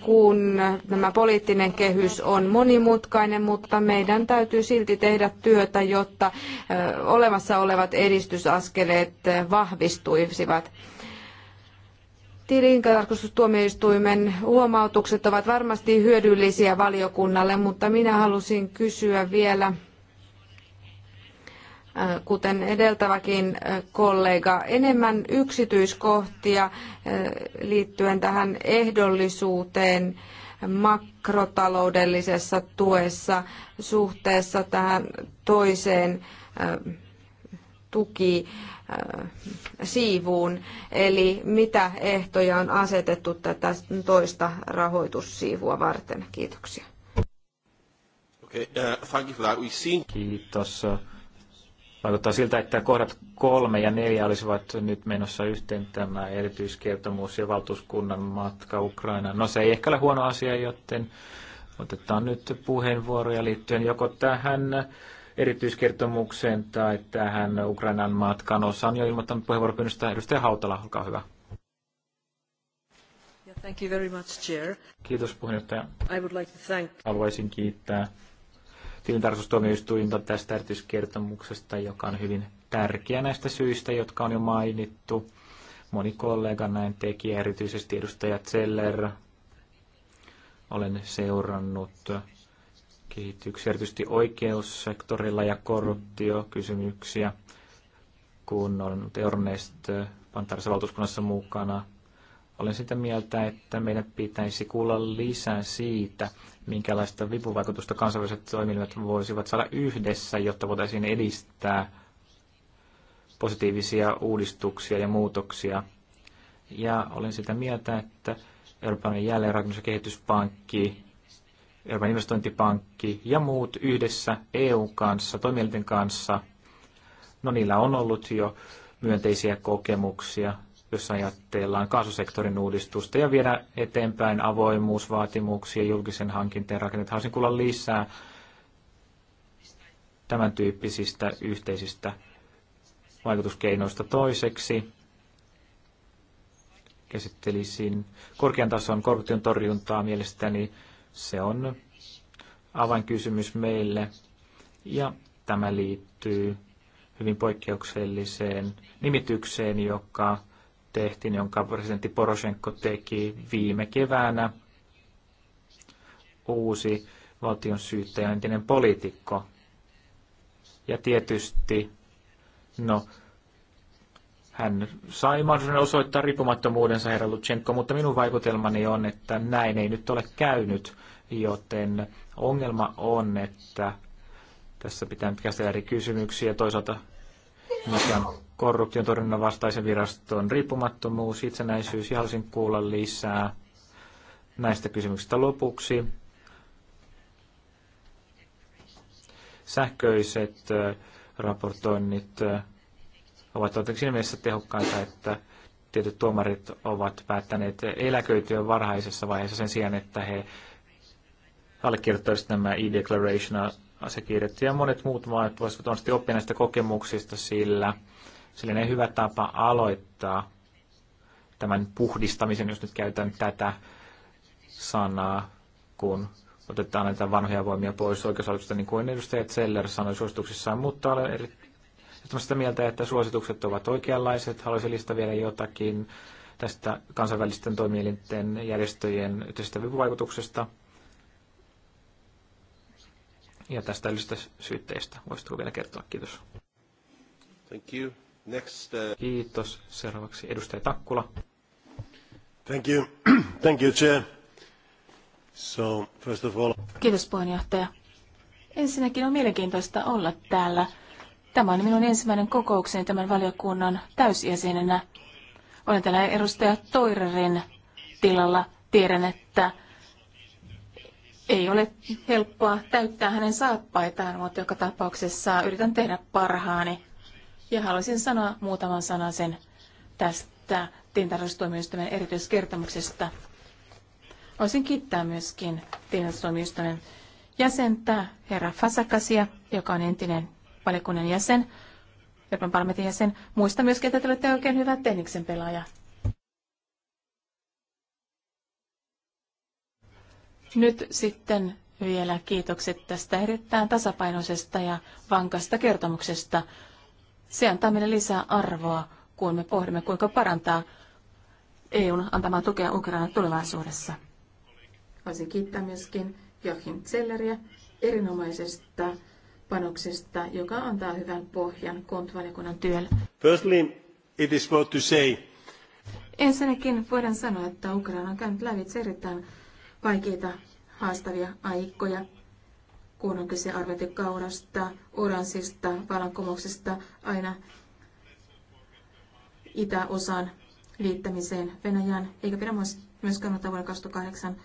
kun tämä poliittinen kehys on monimutkainen, mutta meidän täytyy silti tehdä työtä, jotta olemassa olevat edistysaskeleet vahvistuisivat. Tilintarkastustuomioistuimen huomautukset ovat varmasti hyödyllisiä valiokunnalle, mutta minä halusin kysyä vielä, äh, kuten edeltäväkin äh, kollega, enemmän yksityiskohtia äh, liittyen tähän ehdollisuuteen makrotaloudellisessa tuessa suhteessa tähän toiseen tuki äh, siivuun, eli mitä ehtoja on asetettu tätä toista rahoitussiivua varten. Kiitoksia. Okay, uh, thank you for that. Kiitos. Vaikuttaa siltä, että kohdat kolme ja neljä olisivat nyt menossa yhteen tämä erityiskertomus ja valtuuskunnan matka Ukrainaan. No se ei ehkä ole huono asia, joten otetaan nyt puheenvuoroja liittyen joko tähän erityiskertomukseen tai tähän Ukrainan matkaan. Osa on jo ilmoittanut puheenvuoropyynnöstä. Edustaja Hautala, olkaa hyvä. Thank you very much, Chair. Kiitos puheenjohtaja. I would like to thank... Haluaisin kiittää tilintarkastustuomioistuinta tästä erityiskertomuksesta, joka on hyvin tärkeä näistä syistä, jotka on jo mainittu. Moni kollega näin teki, erityisesti edustaja Zeller. Olen seurannut kehityksiä, erityisesti oikeussektorilla ja korruptiokysymyksiä, kun on Euronest Pantarissa valtuuskunnassa mukana. Olen sitä mieltä, että meidän pitäisi kuulla lisää siitä, minkälaista vipuvaikutusta kansainväliset toimijat voisivat saada yhdessä, jotta voitaisiin edistää positiivisia uudistuksia ja muutoksia. Ja olen sitä mieltä, että Euroopan jälleenrakennus- ja kehityspankki Euroopan investointipankki ja muut yhdessä EU kanssa, toimielinten kanssa, no niillä on ollut jo myönteisiä kokemuksia, jos ajatellaan kaasusektorin uudistusta ja viedä eteenpäin avoimuusvaatimuksia, julkisen hankinteen rakennetta. Haluaisin kuulla lisää tämän tyyppisistä yhteisistä vaikutuskeinoista toiseksi. Käsittelisin korkean tason korruption torjuntaa mielestäni se on avainkysymys meille ja tämä liittyy hyvin poikkeukselliseen nimitykseen, joka tehtiin, jonka presidentti Poroshenko teki viime keväänä. Uusi valtion syyttäjä, entinen poliitikko. Ja tietysti, no hän sai mahdollisuuden osoittaa riippumattomuudensa herra Lutsenko, mutta minun vaikutelmani on, että näin ei nyt ole käynyt, joten ongelma on, että tässä pitää nyt käsitellä eri kysymyksiä. Toisaalta mikä on korruption torjunnan vastaisen viraston riippumattomuus, itsenäisyys ja haluaisin kuulla lisää näistä kysymyksistä lopuksi. Sähköiset äh, raportoinnit äh, ovat olleet siinä mielessä tehokkaita, että tietyt tuomarit ovat päättäneet eläköityä varhaisessa vaiheessa sen sijaan, että he allekirjoittaisivat nämä e-declaration-asiakirjat. Ja monet muut maat voisivat onnistuneesti oppia näistä kokemuksista, sillä sellainen hyvä tapa aloittaa tämän puhdistamisen, jos nyt käytän tätä sanaa, kun otetaan näitä vanhoja voimia pois oikeusalueesta, niin kuin edustaja Zeller sanoi suosituksissaan, mutta olen eri, nyt sitä mieltä, että suositukset ovat oikeanlaiset. Haluaisin listaa vielä jotakin tästä kansainvälisten toimielinten järjestöjen yhteisestä vipuvaikutuksesta ja tästä yleisestä syytteistä. Voisitko vielä kertoa? Kiitos. Thank you. Next, uh... Kiitos. Seuraavaksi edustaja Takkula. Thank you. [clears throat] Thank you, Chair. So, first of all... Kiitos puheenjohtaja. Ensinnäkin on mielenkiintoista olla täällä Tämä on minun ensimmäinen kokoukseni tämän valiokunnan täysjäsenenä. Olen täällä edustaja Toirerin tilalla. Tiedän, että ei ole helppoa täyttää hänen saappaitaan, mutta joka tapauksessa yritän tehdä parhaani. Ja haluaisin sanoa muutaman sanan sen tästä tilintarkastustuomioistuimen erityiskertomuksesta. Olisin kiittää myöskin tilintarkastustuomioistuimen jäsentä, herra Fasakasia, joka on entinen valiokunnan jäsen, Euroopan parlamentin jäsen. Muista myöskin, että te olette oikein hyvä tenniksen pelaaja. Nyt sitten vielä kiitokset tästä erittäin tasapainoisesta ja vankasta kertomuksesta. Se antaa meille lisää arvoa, kun me pohdimme, kuinka parantaa EUn antamaa tukea Ukrainan tulevaisuudessa. Haluaisin kiittää myöskin Joachim Zelleriä erinomaisesta panoksesta, joka antaa hyvän pohjan kontvaliokunnan työlle. Firstly, it is worth to say. Ensinnäkin voidaan sanoa, että Ukraina on käynyt lävitse erittäin vaikeita haastavia aikoja, kun on kyse arvetikaurasta, oranssista, vallankumouksesta aina itäosaan liittämiseen Venäjään, eikä pidä myöskään ottaa vuoden 2008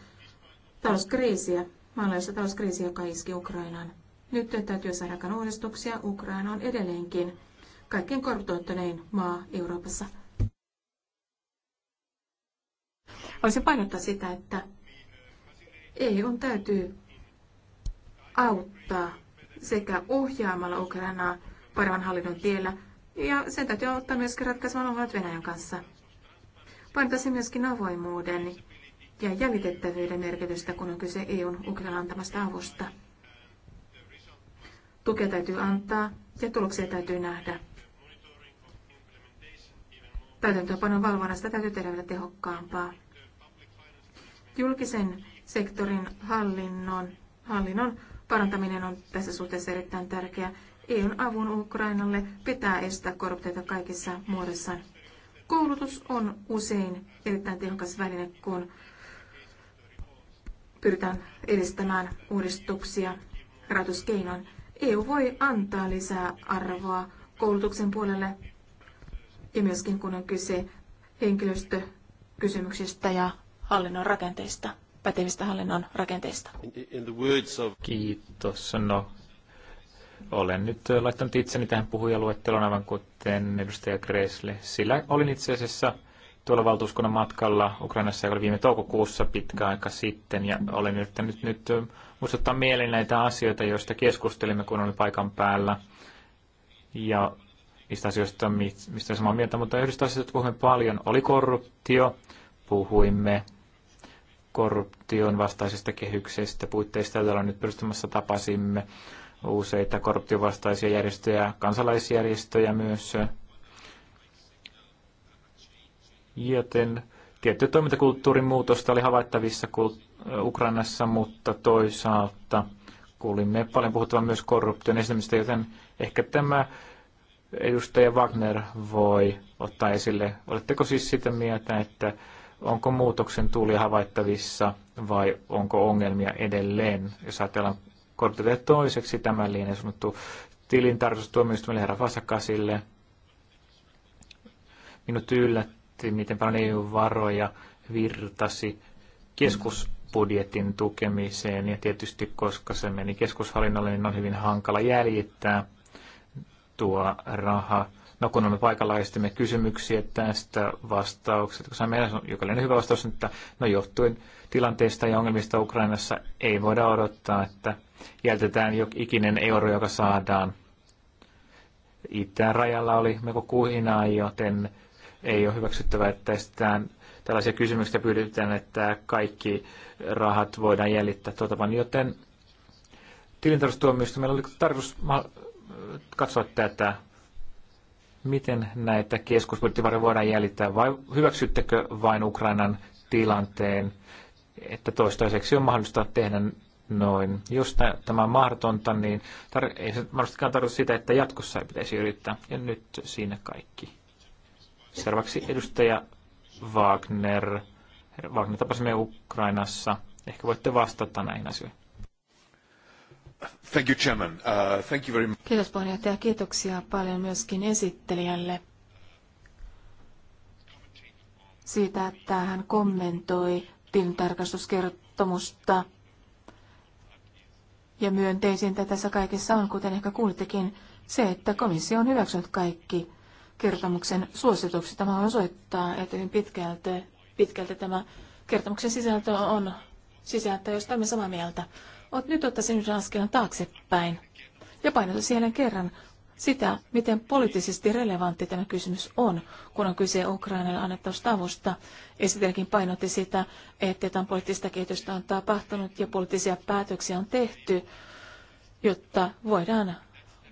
talouskriisiä, maailmanlaajuista talouskriisiä, joka iski Ukrainaan. Nyt täytyy saada aikaan uudistuksia. Ukraina on edelleenkin kaikkein korruptoitunein maa Euroopassa. Haluaisin painottaa sitä, että EU täytyy auttaa sekä ohjaamalla Ukrainaa paremman hallinnon tiellä, ja sen täytyy auttaa myöskin ratkaisemaan ongelmat Venäjän kanssa. Painottaisin myöskin avoimuuden ja jäljitettävyyden merkitystä, kun on kyse EUn Ukrainan antamasta avusta. Tukea täytyy antaa ja tuloksia täytyy nähdä. Täytäntöönpanon valvonnasta täytyy tehdä vielä tehokkaampaa. Julkisen sektorin hallinnon, hallinnon parantaminen on tässä suhteessa erittäin tärkeää. EUn avun Ukrainalle pitää estää korruptiota kaikissa muodossaan. Koulutus on usein erittäin tehokas väline, kun pyritään edistämään uudistuksia rahoituskeinoin. EU voi antaa lisää arvoa koulutuksen puolelle ja myöskin kun on kyse henkilöstökysymyksistä ja hallinnon rakenteista, pätevistä hallinnon rakenteista. Kiitos. No, olen nyt laittanut itseni tähän puhujaluetteloon aivan kuten edustaja Kresle. Sillä olin itse asiassa tuolla valtuuskunnan matkalla Ukrainassa, joka oli viime toukokuussa pitkä aika sitten, ja olen yrittänyt nyt muistuttaa mieleen näitä asioita, joista keskustelimme, kun olin paikan päällä. Ja niistä asioista, mistä samaa mieltä, mutta yhdestä asioista puhuimme paljon, oli korruptio. Puhuimme korruption vastaisesta kehyksestä, puitteista, joilla nyt perustamassa tapasimme useita korruptiovastaisia järjestöjä, kansalaisjärjestöjä myös. Joten tietty toimintakulttuurin muutosta oli havaittavissa, kun Ukrainassa, mutta toisaalta kuulimme paljon puhuttavan myös korruption esimerkiksi, joten ehkä tämä edustaja Wagner voi ottaa esille. Oletteko siis sitä mieltä, että onko muutoksen tuuli havaittavissa vai onko ongelmia edelleen? Jos ajatellaan korruptiota toiseksi, tämä lienee sanottu tilintarkastustuomioistuimelle herra Vasakasille. Minut yllätti, miten paljon EU-varoja virtasi keskus budjetin tukemiseen ja tietysti koska se meni keskushallinnolle, niin on hyvin hankala jäljittää tuo raha. No kun on paikalla ja kysymyksiä tästä vastaukset, koska meillä on jokainen hyvä vastaus, että no johtuen tilanteesta ja ongelmista Ukrainassa ei voida odottaa, että jältetään jo ikinen euro, joka saadaan. Itään rajalla oli melko kuhinaa, joten ei ole hyväksyttävää, että estetään tällaisia kysymyksiä pyydetään, että kaikki rahat voidaan jäljittää tuotavan, joten tilintarkastustuomioista meillä oli tarkoitus katsoa tätä, miten näitä keskuspolitiivaroja voidaan jäljittää, vai hyväksyttekö vain Ukrainan tilanteen, että toistaiseksi on mahdollista tehdä noin. Jos tämä on mahdotonta, niin tar- ei se mahdollistakaan tarkoita sitä, että jatkossa ei pitäisi yrittää. Ja nyt siinä kaikki. Seuraavaksi edustaja Wagner. Wagner tapasimme Ukrainassa. Ehkä voitte vastata näihin asioihin. Thank you, Chairman. Uh, thank you very much. Kiitos puheenjohtaja. Kiitoksia paljon myöskin esittelijälle siitä, että hän kommentoi tilintarkastuskertomusta. Ja myönteisintä tässä kaikessa on, kuten ehkä kuulittekin, se, että komissio on hyväksynyt kaikki kertomuksen suosituksi. Tämä osoittaa, että hyvin pitkälti, pitkälti tämä kertomuksen sisältö on sisältö, josta olemme samaa mieltä. Ot, nyt ottaisin yhden askeleen taaksepäin ja painotan siellä kerran sitä, miten poliittisesti relevantti tämä kysymys on, kun on kyse Ukrainalle annettavasta avusta. Esitelläkin painotti sitä, että tämän poliittista kehitystä on tapahtunut ja poliittisia päätöksiä on tehty, jotta voidaan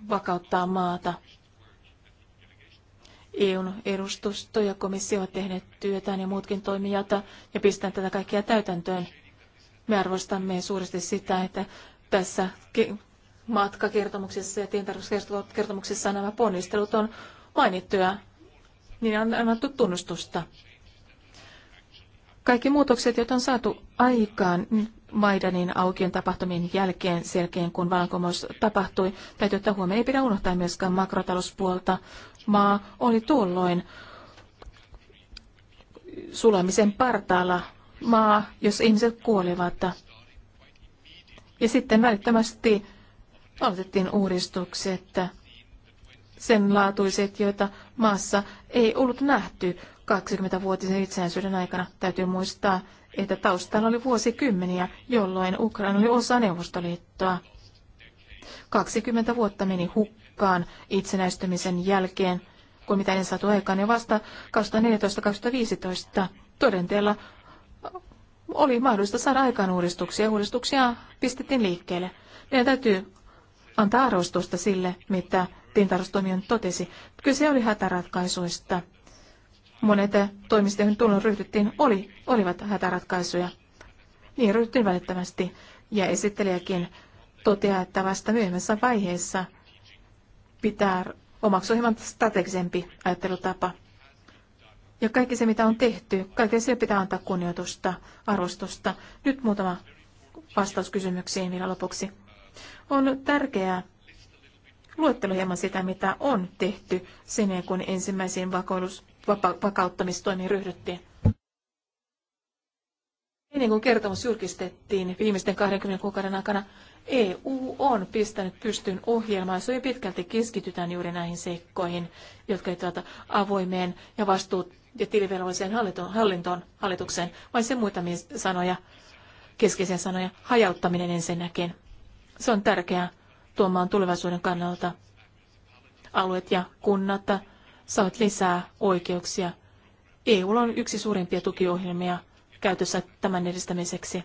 vakauttaa maata EUn edustusto ja komissio ovat tehneet työtään ja muutkin toimijat ja pistäneet tätä kaikkea täytäntöön. Me arvostamme suuresti sitä, että tässä matkakertomuksessa ja tientarkastuskertomuksessa nämä ponnistelut on mainittu ja niin on annettu tunnustusta. Kaikki muutokset, joita on saatu aikaan Maidanin aukion tapahtumien jälkeen, selkeän kun vallankumous tapahtui, täytyy ottaa huomioon. Ei pidä unohtaa myöskään makrotalouspuolta, maa oli tuolloin sulamisen partaalla maa, jos ihmiset kuolivat. Ja sitten välittömästi aloitettiin uudistukset, sen laatuiset, joita maassa ei ollut nähty 20-vuotisen itsenäisyyden aikana. Täytyy muistaa, että taustalla oli vuosikymmeniä, jolloin Ukraina oli osa Neuvostoliittoa. 20 vuotta meni hukkaan aikaan itsenäistymisen jälkeen, kun mitä ei saatu aikaan, ja vasta 2014-2015 todenteella oli mahdollista saada aikaan uudistuksia. Uudistuksia pistettiin liikkeelle. Meidän täytyy antaa arvostusta sille, mitä tintarustoimion totesi. Kyse oli hätäratkaisuista. Monet toimista, joihin tuolloin ryhdyttiin, oli, olivat hätäratkaisuja. Niin ryhdyttiin välittömästi. Ja esittelijäkin toteaa, että vasta myöhemmässä vaiheessa – pitää omaksua hieman strategisempi ajattelutapa. Ja kaikki se, mitä on tehty, kaikki se pitää antaa kunnioitusta, arvostusta. Nyt muutama vastaus kysymyksiin vielä lopuksi. On tärkeää luettelo hieman sitä, mitä on tehty sen kun ensimmäisiin vakauttamistoimiin ryhdyttiin. Ennen niin kuin kertomus julkistettiin viimeisten 20 kuukauden aikana, EU on pistänyt pystyyn ohjelmaan, jossa pitkälti keskitytään juuri näihin seikkoihin, jotka liittyvät avoimeen ja vastuu- ja tilivelvolliseen hallintoon, hallintoon hallitukseen, vai se muutamia sanoja, keskeisiä sanoja, hajauttaminen ensinnäkin. Se on tärkeää tuomaan tulevaisuuden kannalta. Alueet ja kunnat saavat lisää oikeuksia. EU on yksi suurimpia tukiohjelmia – käytössä tämän edistämiseksi.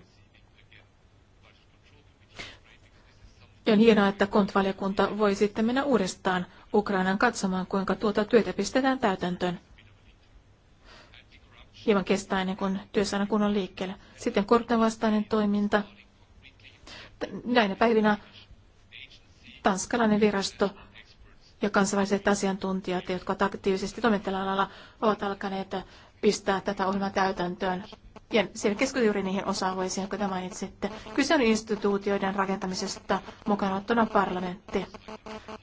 Ja on hienoa, että kontvaliokunta voi sitten mennä uudestaan Ukrainan katsomaan, kuinka tuota työtä pistetään täytäntöön. Hieman kestää ennen kuin työssä kun on liikkeellä. Sitten korttavastainen toiminta. Näinä päivinä tanskalainen virasto ja kansainväliset asiantuntijat, jotka aktiivisesti toimintalalla ovat alkaneet pistää tätä ohjelmaa täytäntöön ja siellä keskityy juuri niihin osa-alueisiin, jotka te mainitsitte. Kyse on instituutioiden rakentamisesta, mukana ottona parlamentti,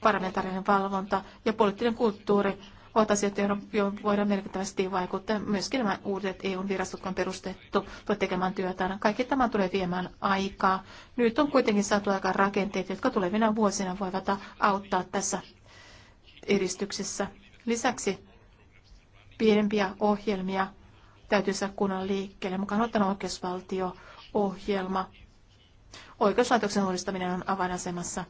parlamentaarinen valvonta ja poliittinen kulttuuri ovat asioita, joihin voidaan merkittävästi vaikuttaa. Myöskin nämä uudet eu virastot, on perustettu, tulee tekemään työtään. Kaikki tämä tulee viemään aikaa. Nyt on kuitenkin saatu aika rakenteet, jotka tulevina vuosina voivat auttaa tässä edistyksessä. Lisäksi pienempiä ohjelmia täytyy saada kunnan liikkeelle, mukaan ottanut oikeusvaltio-ohjelma. Oikeuslaitoksen uudistaminen on avainasemassa.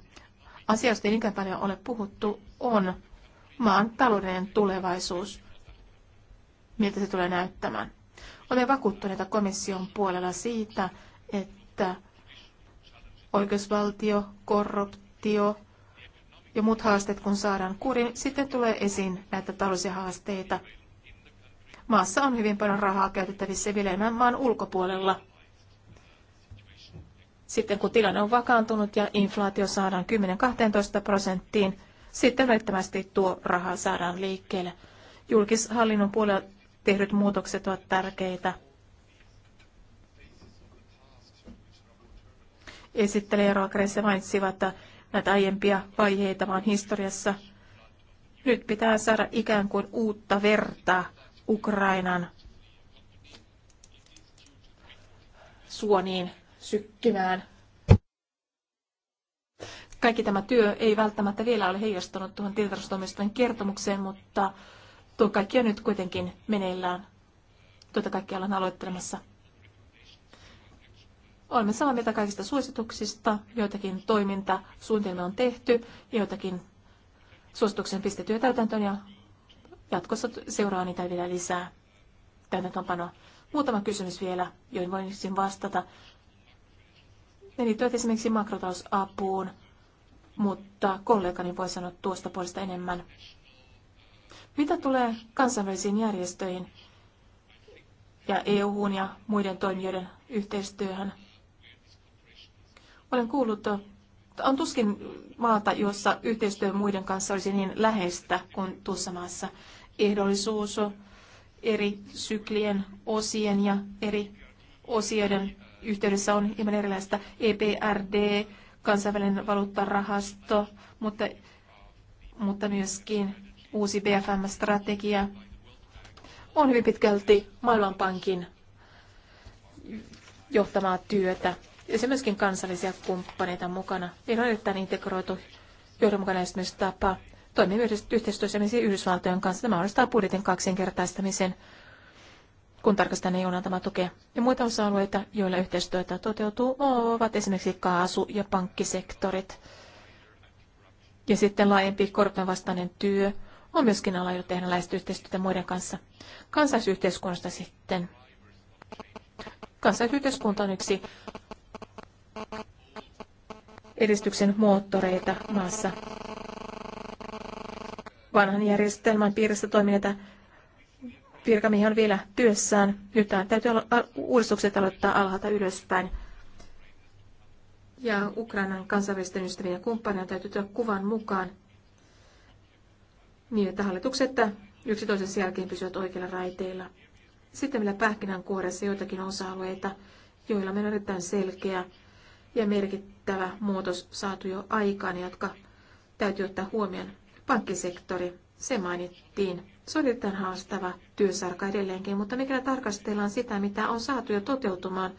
Asia, josta ei niinkään paljon ole puhuttu, on maan taloudellinen tulevaisuus, miltä se tulee näyttämään. Olemme vakuuttuneita komission puolella siitä, että oikeusvaltio, korruptio ja muut haasteet kun saadaan kuriin, sitten tulee esiin näitä taloudellisia haasteita – Maassa on hyvin paljon rahaa käytettävissä vielä enemmän maan ulkopuolella. Sitten kun tilanne on vakaantunut ja inflaatio saadaan 10-12 prosenttiin, sitten välttämästi tuo raha saadaan liikkeelle. Julkishallinnon puolella tehdyt muutokset ovat tärkeitä. Esittelijä Kressi mainitsivat näitä aiempia vaiheita vaan historiassa. Nyt pitää saada ikään kuin uutta vertaa Ukrainan suoniin sykkimään. Kaikki tämä työ ei välttämättä vielä ole heijastunut tuohon tilintarkastustoimiston kertomukseen, mutta tuo kaikki on nyt kuitenkin meneillään. Tuota kaikki ollaan aloittelemassa. Olemme samaa mieltä kaikista suosituksista. Joitakin toimintasuunnitelmia on tehty, joitakin suosituksen pistetyä täytäntöön ja jatkossa seuraa niitä vielä lisää täytäntöönpanoa. Muutama kysymys vielä, joihin voisin vastata. Ne liittyvät esimerkiksi makrotalousapuun, mutta kollegani voi sanoa tuosta puolesta enemmän. Mitä tulee kansainvälisiin järjestöihin ja EUhun ja muiden toimijoiden yhteistyöhön? Olen kuullut, on tuskin maata, jossa yhteistyö muiden kanssa olisi niin läheistä kuin tuossa maassa ehdollisuus eri syklien osien ja eri osioiden yhteydessä on hieman erilaista EPRD, kansainvälinen valuuttarahasto, mutta, mutta myöskin uusi BFM-strategia on hyvin pitkälti Maailmanpankin johtamaa työtä. Ja se myöskin kansallisia kumppaneita mukana. Meillä on erittäin integroitu johdonmukainen tapa Toimimme yhteistyössä Yhdysvaltojen kanssa. Tämä mahdollistaa budjetin kaksinkertaistamisen, kun tarkastetaan EUn antama tukea. Ja muita osa-alueita, joilla yhteistyötä toteutuu, ovat esimerkiksi kaasu- ja pankkisektorit. Ja sitten laajempi korruption vastainen työ on myöskin ala, jolla tehdään läheistä yhteistyötä muiden kanssa. Kansaisyhteiskunnasta sitten. Kansaisyhteiskunta on yksi edistyksen moottoreita maassa vanhan järjestelmän piirissä toimineita virkamiehiä on vielä työssään. Nyt täytyy uudistukset aloittaa alhaalta ylöspäin. Ja Ukrainan kansainvälisten ystävien ja kumppanien täytyy tuoda kuvan mukaan niin, että hallitukset yksi toisen jälkeen pysyvät oikeilla raiteilla. Sitten meillä pähkinänkuoressa joitakin osa-alueita, joilla meillä on erittäin selkeä ja merkittävä muutos saatu jo aikaan, jotka täytyy ottaa huomioon. Pankkisektori, se mainittiin. Se on erittäin haastava työsarka edelleenkin, mutta mikä tarkastellaan sitä, mitä on saatu jo toteutumaan,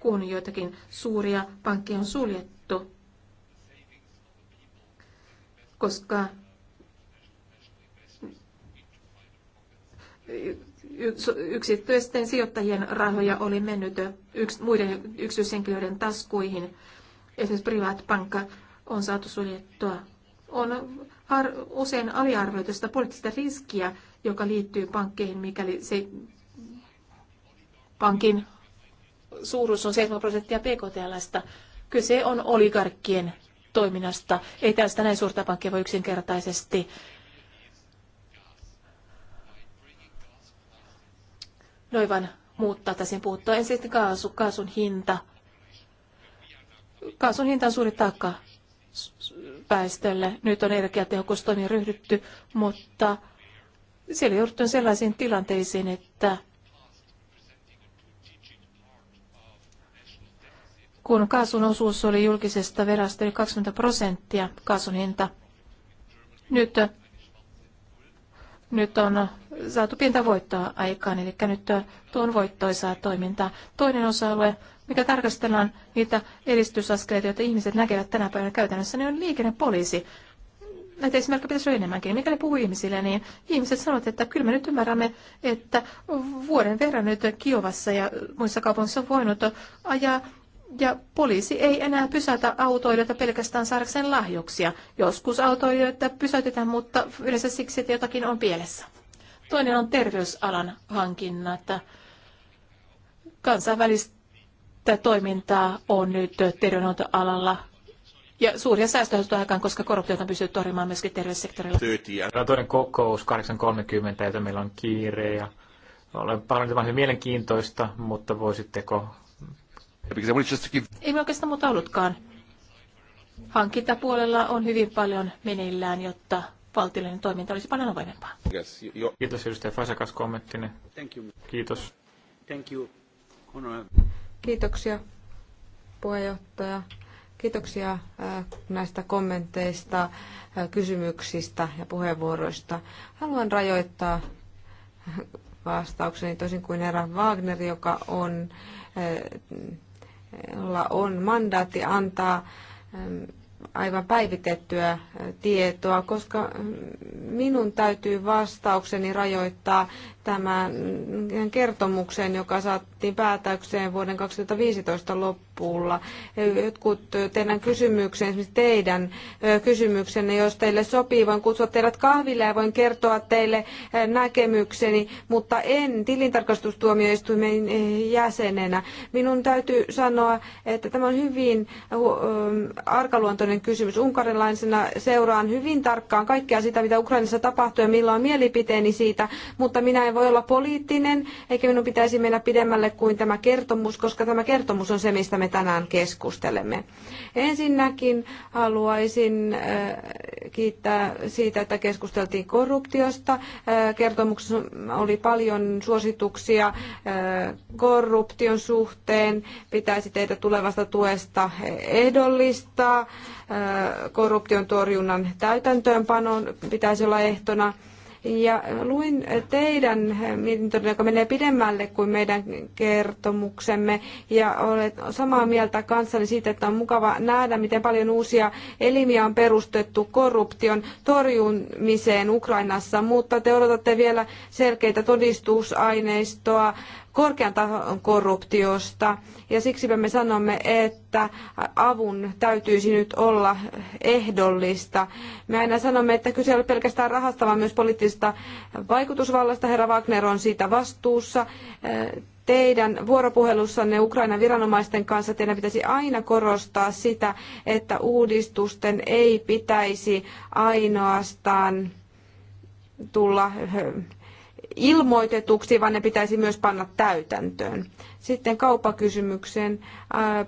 kun joitakin suuria pankkeja on suljettu, koska yksityisten sijoittajien rahoja oli mennyt yks, muiden yksityishenkilöiden taskuihin. Esimerkiksi privaatpankka on saatu suljettua. On ar- usein aliarvioitu sitä poliittista riskiä, joka liittyy pankkeihin, mikäli se pankin suuruus on 7 prosenttia PKTLstä. Kyse on oligarkkien toiminnasta. Ei tällaista näin suurta pankkia voi yksinkertaisesti noin vaan muuttaa tässä puuttua. Ensin kaasu, kaasun hinta. Kaasun hinta on suuri taakka väestölle. Nyt on energiatehokkuustoimiin ryhdytty, mutta siellä jouduttu sellaisiin tilanteisiin, että kun kaasun osuus oli julkisesta verasta yli 20 prosenttia kaasun hinta, nyt, nyt on saatu pientä voittoa aikaan, eli nyt tuon voittoisaa toimintaa. Toinen osa-alue mikä tarkastellaan niitä edistysaskeleita, joita ihmiset näkevät tänä päivänä käytännössä, niin on liikennepoliisi. Näitä esimerkkejä pitäisi olla enemmänkin. Mikäli puhuu ihmisille, niin ihmiset sanovat, että kyllä me nyt ymmärrämme, että vuoden verran nyt Kiovassa ja muissa kaupungeissa on voinut ajaa ja poliisi ei enää pysäytä autoilijoita pelkästään saadakseen lahjuksia. Joskus autoilijoita pysäytetään, mutta yleensä siksi, että jotakin on pielessä. Toinen on terveysalan hankinnat. Kansainvälistä Tämä toimintaa on nyt terveydenhuoltoalalla ja suuria säästöjä on aikaan, koska korruptiota on pystytty torjumaan myöskin terveyssektorilla. Tämä on toinen kokous 8.30, jota meillä on kiire ja olen paljon tämä hyvin mielenkiintoista, mutta voisitteko... Ei me oikeastaan muuta ollutkaan. Hankintapuolella on hyvin paljon meneillään, jotta valtiollinen toiminta olisi paljon avoimempaa. Yes, jo. Kiitos edustaja Fasakas kommenttinen. Thank you. Kiitos. Thank you. Kiitoksia puheenjohtaja. Kiitoksia äh, näistä kommenteista, äh, kysymyksistä ja puheenvuoroista. Haluan rajoittaa vastaukseni toisin kuin herra Wagner, joka on, äh, jolla on mandaatti antaa ähm, aivan päivitettyä tietoa, koska mm, minun täytyy vastaukseni rajoittaa tämän kertomuksen, joka saatiin päätökseen vuoden 2015 loppuulla. Jotkut teidän kysymyksenne, esimerkiksi teidän kysymyksenne, jos teille sopii, voin kutsua teidät kahville ja voin kertoa teille näkemykseni, mutta en tilintarkastustuomioistuimen jäsenenä. Minun täytyy sanoa, että tämä on hyvin arkaluontoinen kysymys. Unkarilaisena seuraan hyvin tarkkaan kaikkea sitä, mitä Ukrainassa tapahtuu ja milloin on mielipiteeni siitä, mutta minä en voi olla poliittinen, eikä minun pitäisi mennä pidemmälle kuin tämä kertomus, koska tämä kertomus on se, mistä me tänään keskustelemme. Ensinnäkin haluaisin äh, kiittää siitä, että keskusteltiin korruptiosta. Äh, kertomuksessa oli paljon suosituksia äh, korruption suhteen. Pitäisi teitä tulevasta tuesta ehdollistaa. Korruption torjunnan täytäntöönpanon pitäisi olla ehtona ja luin teidän mietintönne, joka menee pidemmälle kuin meidän kertomuksemme, ja olet samaa mieltä kanssani siitä, että on mukava nähdä, miten paljon uusia elimiä on perustettu korruption torjumiseen Ukrainassa, mutta te odotatte vielä selkeitä todistusaineistoa korkean tason korruptiosta ja siksipä me sanomme, että avun täytyisi nyt olla ehdollista. Me aina sanomme, että kyse ei ole pelkästään rahasta, vaan myös poliittisesta vaikutusvallasta. Herra Wagner on siitä vastuussa teidän vuoropuhelussanne Ukrainan viranomaisten kanssa teidän pitäisi aina korostaa sitä, että uudistusten ei pitäisi ainoastaan tulla ilmoitetuksi, vaan ne pitäisi myös panna täytäntöön. Sitten kaupakysymykseen.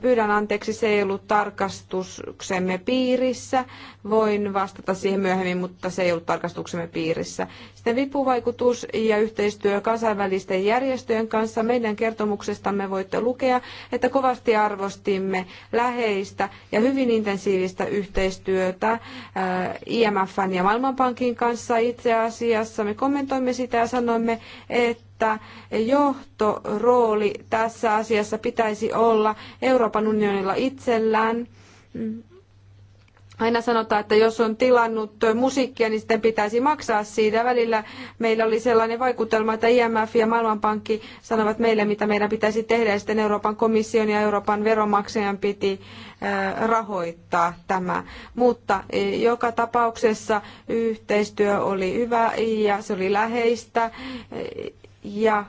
Pyydän anteeksi, se ei ollut tarkastuksemme piirissä. Voin vastata siihen myöhemmin, mutta se ei ollut tarkastuksemme piirissä. Sitten vipuvaikutus ja yhteistyö kansainvälisten järjestöjen kanssa. Meidän kertomuksestamme voitte lukea, että kovasti arvostimme läheistä ja hyvin intensiivistä yhteistyötä IMFn ja Maailmanpankin kanssa itse asiassa. Me kommentoimme sitä ja sanoimme, että että johtorooli tässä asiassa pitäisi olla Euroopan unionilla itsellään. Aina sanotaan, että jos on tilannut musiikkia, niin sitten pitäisi maksaa siitä. Välillä meillä oli sellainen vaikutelma, että IMF ja Maailmanpankki sanovat meille, mitä meidän pitäisi tehdä, ja sitten Euroopan komission ja Euroopan veronmaksajan piti rahoittaa tämä. Mutta e, joka tapauksessa yhteistyö oli hyvä ja se oli läheistä e, ja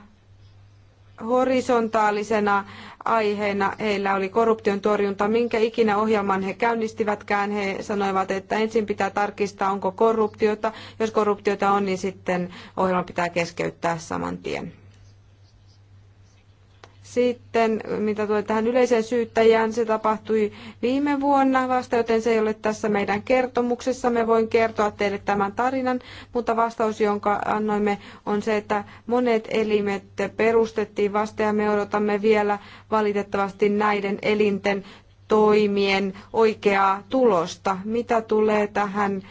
horisontaalisena aiheena heillä oli korruption torjunta. Minkä ikinä ohjelman he käynnistivätkään, he sanoivat, että ensin pitää tarkistaa, onko korruptiota. Jos korruptiota on, niin sitten ohjelma pitää keskeyttää saman tien. Sitten mitä tulee tähän yleiseen syyttäjään, se tapahtui viime vuonna vasta, joten se ei ole tässä meidän kertomuksessa. Me voin kertoa teille tämän tarinan, mutta vastaus, jonka annoimme, on se, että monet elimet perustettiin vasta ja me odotamme vielä valitettavasti näiden elinten toimien oikeaa tulosta. Mitä tulee tähän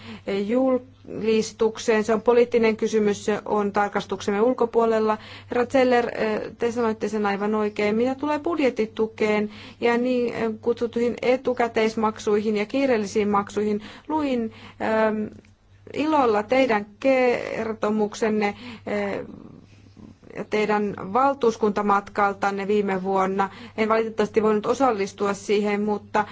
julkisuuteen? listukseen. Se on poliittinen kysymys, se on tarkastuksemme ulkopuolella. Herra Zeller, eh, te sanoitte sen aivan oikein. Mitä tulee budjettitukeen ja niin eh, kutsuttuihin etukäteismaksuihin ja kiireellisiin maksuihin, luin ähm, ilolla teidän kertomuksenne äh, teidän valtuuskuntamatkaltanne viime vuonna. En valitettavasti voinut osallistua siihen, mutta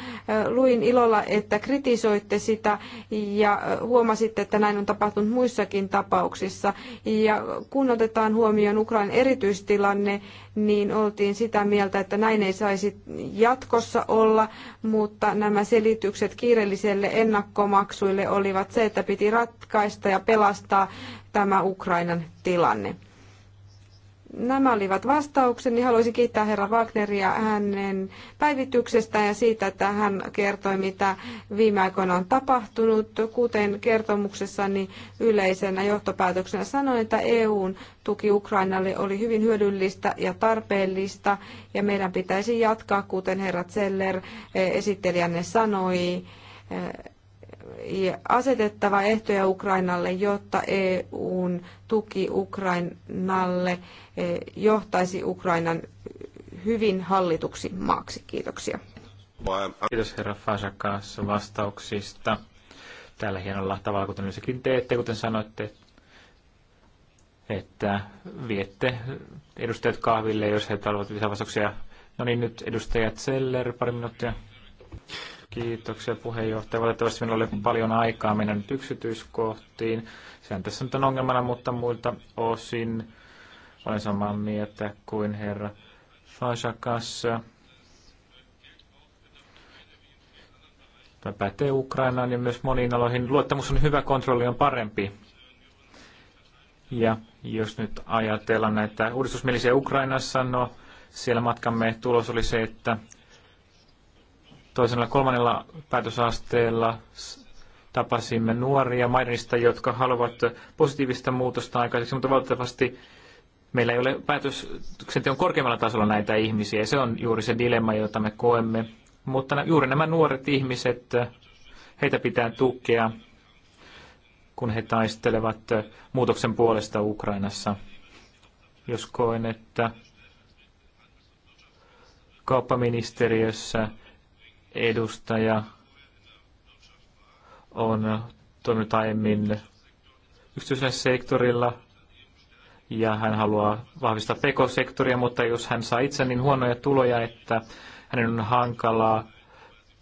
luin ilolla, että kritisoitte sitä ja huomasitte, että näin on tapahtunut muissakin tapauksissa. Ja kun otetaan huomioon Ukrainan erityistilanne, niin oltiin sitä mieltä, että näin ei saisi jatkossa olla, mutta nämä selitykset kiireelliselle ennakkomaksuille olivat se, että piti ratkaista ja pelastaa tämä Ukrainan tilanne. Nämä olivat vastaukseni. Haluaisin kiittää herra Wagneria hänen päivityksestä ja siitä, että hän kertoi, mitä viime aikoina on tapahtunut. Kuten kertomuksessani yleisenä johtopäätöksenä sanoin, että EUn tuki Ukrainalle oli hyvin hyödyllistä ja tarpeellista, ja meidän pitäisi jatkaa, kuten herra Zeller eh, esittelijänne sanoi, eh, asetettava ehtoja Ukrainalle, jotta EUn tuki Ukrainalle eh, johtaisi Ukrainan hyvin hallituksi maaksi. Kiitoksia. Kiitos herra Fasakaas vastauksista. Tällä hienolla tavalla, kuten yleensäkin teette, kuten sanoitte, että viette edustajat kahville, jos he haluavat lisävastauksia. No niin, nyt edustajat Zeller, pari minuuttia. Kiitoksia puheenjohtaja. Valitettavasti minulla oli paljon aikaa mennä nyt yksityiskohtiin. Sehän tässä nyt on ongelmana, mutta muilta osin olen samaa mieltä kuin herra Fajakas. Tämä pätee Ukrainaan ja myös moniin aloihin. Luottamus on hyvä, kontrolli on parempi. Ja jos nyt ajatellaan näitä uudistusmielisiä Ukrainassa, no siellä matkamme tulos oli se, että toisella kolmannella päätösasteella tapasimme nuoria mainista, jotka haluavat positiivista muutosta aikaiseksi, mutta valitettavasti meillä ei ole päätöksenteon korkeammalla tasolla näitä ihmisiä. Se on juuri se dilemma, jota me koemme. Mutta juuri nämä nuoret ihmiset, heitä pitää tukea, kun he taistelevat muutoksen puolesta Ukrainassa. Jos koen, että kauppaministeriössä – edustaja on toiminut aiemmin yksityisellä sektorilla ja hän haluaa vahvistaa pk-sektoria, mutta jos hän saa itse niin huonoja tuloja, että hänen on hankalaa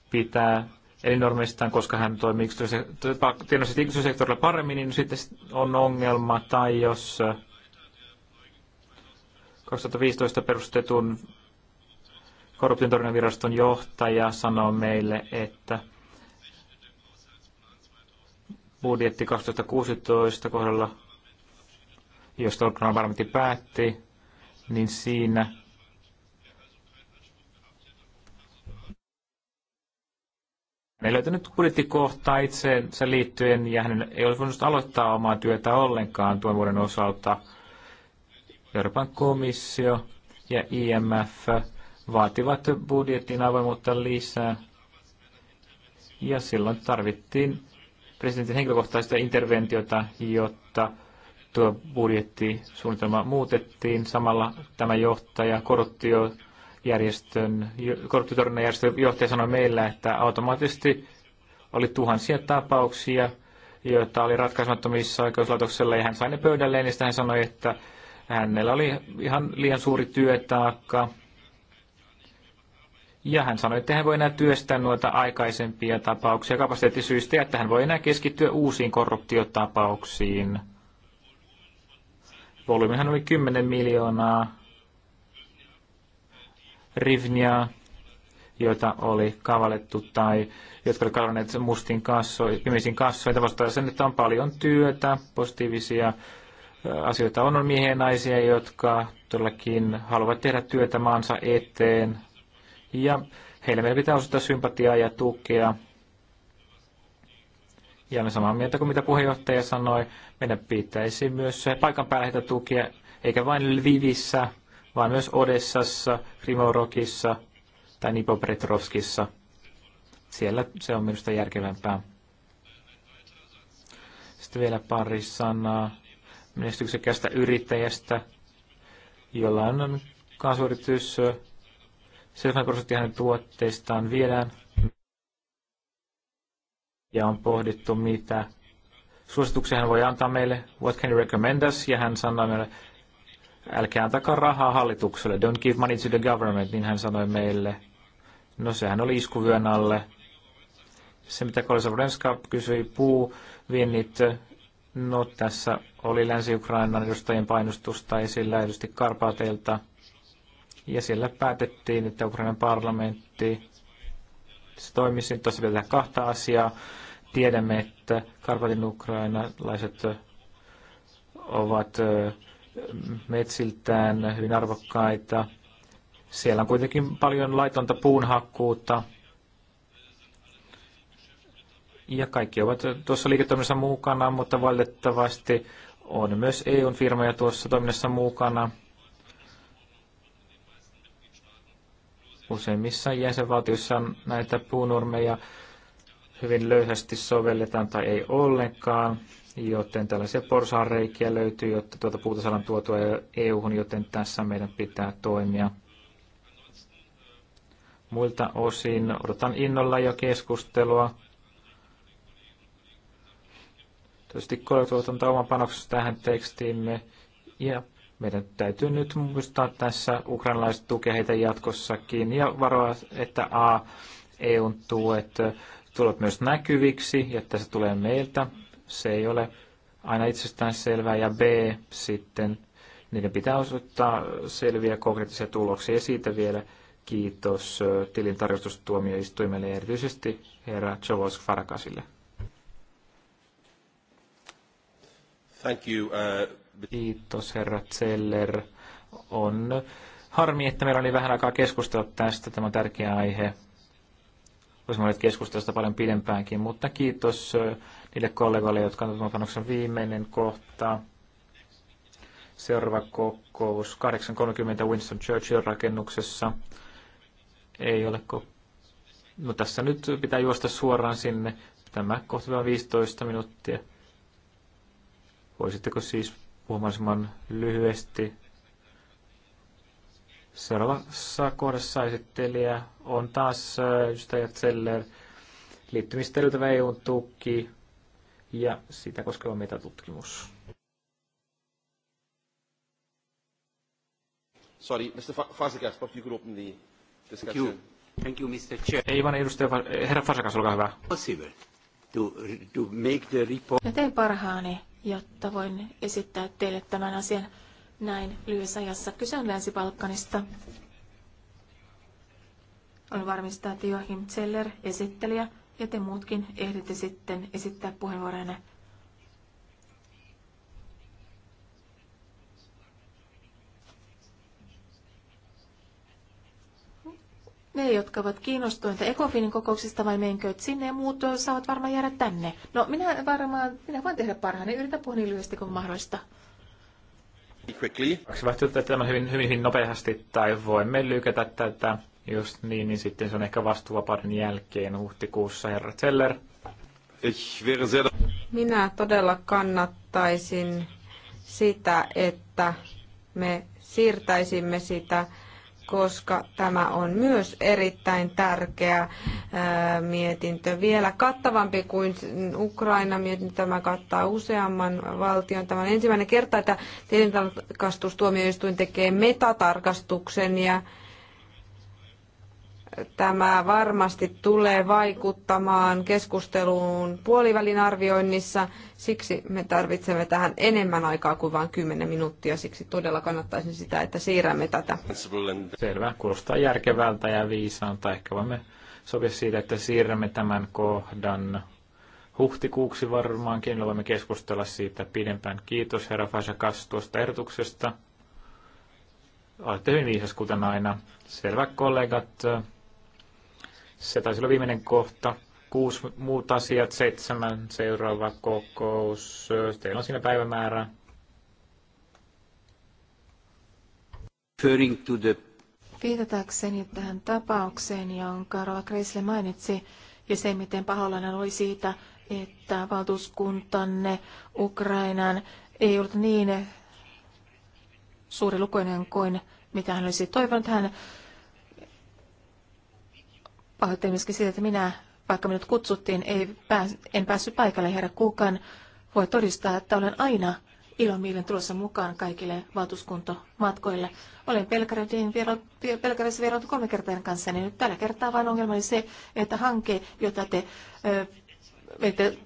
pitää elinormeistaan, koska hän toimii yksityisellä sektorilla paremmin, niin sitten on ongelma. Tai jos 2015 äh, perustetun korruption viraston johtaja sanoo meille, että budjetti 2016 kohdalla, josta Orkana varmasti päätti, niin siinä ei löytänyt budjettikohtaa itseensä liittyen ja hän ei olisi voinut aloittaa omaa työtä ollenkaan tuon vuoden osalta. Euroopan komissio ja IMF vaativat budjettiin avoimuutta lisää. Ja silloin tarvittiin presidentin henkilökohtaista interventiota, jotta tuo budjettisuunnitelma muutettiin. Samalla tämä johtaja, korruptiojärjestön, korruptiotorjunnan järjestön johtaja sanoi meillä, että automaattisesti oli tuhansia tapauksia, joita oli ratkaisemattomissa oikeuslaitoksella ja hän sai ne pöydälleen, niin hän sanoi, että hänellä oli ihan liian suuri työtaakka ja hän sanoi, että hän voi enää työstää noita aikaisempia tapauksia kapasiteettisyistä ja että hän voi enää keskittyä uusiin korruptiotapauksiin. Volyymihan oli 10 miljoonaa rivnia, joita oli kavallettu tai jotka oli kavalaneet mustiin kassoihin, pimeisiin kassoihin. Vastaan sen, että on paljon työtä, positiivisia asioita on, on miehiä ja naisia, jotka todellakin haluavat tehdä työtä maansa eteen, ja heille meidän pitää osoittaa sympatiaa ja tukea. Ja olen samaa mieltä kuin mitä puheenjohtaja sanoi. Meidän pitäisi myös paikan päällä heitä tukea, eikä vain Lvivissä, vaan myös Odessassa, Rimorokissa tai Nipopretrovskissa. Siellä se on minusta järkevämpää. Sitten vielä pari sanaa menestyksekästä yrittäjästä, jolla on kasvuyritys 70 prosenttia hänen tuotteistaan viedään. Ja on pohdittu, mitä suosituksia hän voi antaa meille. What can you recommend us? Ja hän sanoi meille, älkää antakaa rahaa hallitukselle. Don't give money to the government, niin hän sanoi meille. No sehän oli iskuvyön alle. Se, mitä Kolesa Vrenska kysyi, puu, viennit, no tässä oli Länsi-Ukrainan edustajien painostusta esillä, edusti Karpaateilta. Ja siellä päätettiin, että Ukrainan parlamentti se toimisi. Tuossa vielä kahta asiaa. Tiedämme, että Karpatin ukrainalaiset ovat metsiltään hyvin arvokkaita. Siellä on kuitenkin paljon laitonta puunhakkuutta. Ja kaikki ovat tuossa liiketoiminnassa mukana, mutta valitettavasti on myös EUn firmoja tuossa toiminnassa mukana. Useimmissa jäsenvaltioissa näitä puunurmeja hyvin löysästi sovelletaan tai ei ollenkaan, joten tällaisia porsaanreikiä löytyy, jotta tuota puuta saadaan tuotua EU-hun, joten tässä meidän pitää toimia. Muilta osin odotan innolla jo keskustelua. Tietysti kollegat oman panoksensa tähän tekstiimme. Ja meidän täytyy nyt muistaa tässä ukrainalaiset tukea heitä jatkossakin ja varoa, että A, EUn tuet tulevat myös näkyviksi ja että se tulee meiltä. Se ei ole aina itsestään selvää. Ja B, sitten niiden pitää osoittaa selviä konkreettisia tuloksia. Ja siitä vielä kiitos tilintarkastustuomioistuimelle ja erityisesti herra Chavos Farakasille. Thank you, uh... Kiitos herra Zeller. On harmi, että meillä oli vähän aikaa keskustella tästä. Tämä on tärkeä aihe. Voisimme voineet keskustella paljon pidempäänkin, mutta kiitos niille kollegoille, jotka ovat panoksen viimeinen kohta. Seuraava kokous 8.30 Winston Churchill rakennuksessa. Ei ole ko- No tässä nyt pitää juosta suoraan sinne. Tämä kohta 15 minuuttia. Voisitteko siis Huomasimman lyhyesti. Seuraavassa kohdassa esittelijä on taas edustaja Zeller liittymistä EUn tuki ja sitä koskeva metatutkimus. Sorry, Mr. Fazekas, perhaps you could open the discussion. Thank you. Thank you, Mr. Chair. Ei vaan edustaja, herra Fazekas, olkaa hyvä. Possible to, to make the report. Ja teen parhaani jotta voin esittää teille tämän asian näin lyhyessä ajassa. Kyse on Länsi-Balkanista. On varmistaa, että Joachim Zeller, esittelijä, ja te muutkin ehditte sitten esittää puheenvuoroja Ne, jotka ovat kiinnostuneita Ecofinin kokouksista, vai menkööt sinne ja muut saavat varmaan jäädä tänne. No, minä varmaan, minä voin tehdä parhaani. Yritän puhua niin lyhyesti kuin mahdollista. se Vaihtoehto tämän hyvin, hyvin, hyvin nopeasti, tai voimme lykätä tätä, jos niin, niin sitten se on ehkä vastuuvapauden jälkeen huhtikuussa, herra Zeller. Minä todella kannattaisin sitä, että me siirtäisimme sitä koska tämä on myös erittäin tärkeä mietintö. Vielä kattavampi kuin Ukraina mietintö. Tämä kattaa useamman valtion. Tämä on ensimmäinen kerta, että tilintarkastustuomioistuin tekee metatarkastuksen ja tämä varmasti tulee vaikuttamaan keskusteluun puolivälin arvioinnissa. Siksi me tarvitsemme tähän enemmän aikaa kuin vain 10 minuuttia. Siksi todella kannattaisin sitä, että siirrämme tätä. Selvä, kuulostaa järkevältä ja viisaalta. Ehkä voimme sopia siitä, että siirrämme tämän kohdan huhtikuuksi varmaankin. Niin voimme keskustella siitä pidempään. Kiitos herra Fasakas tuosta ehdotuksesta. Olette hyvin viisas kuten aina. Selvä kollegat. Se taisi olla viimeinen kohta. Kuusi muut asiat, seitsemän seuraava kokous. Teillä on siinä päivämäärä. Viitatakseni tähän tapaukseen, jonka Rova Kreisle mainitsi, ja se, miten paholainen oli siitä, että valtuuskuntanne Ukrainaan ei ollut niin suuri lukuinen kuin mitä hän olisi toivonut. Hän pahoittelen myöskin siitä, että minä, vaikka minut kutsuttiin, ei pääs, en päässyt paikalle. Herra Kukan voi todistaa, että olen aina ilomielen tulossa mukaan kaikille valtuuskuntomatkoille. Olen Pelkärädin Pelkärässä kolme kertaa kanssa, niin nyt tällä kertaa vain ongelma oli se, että hanke, jota te, menitte,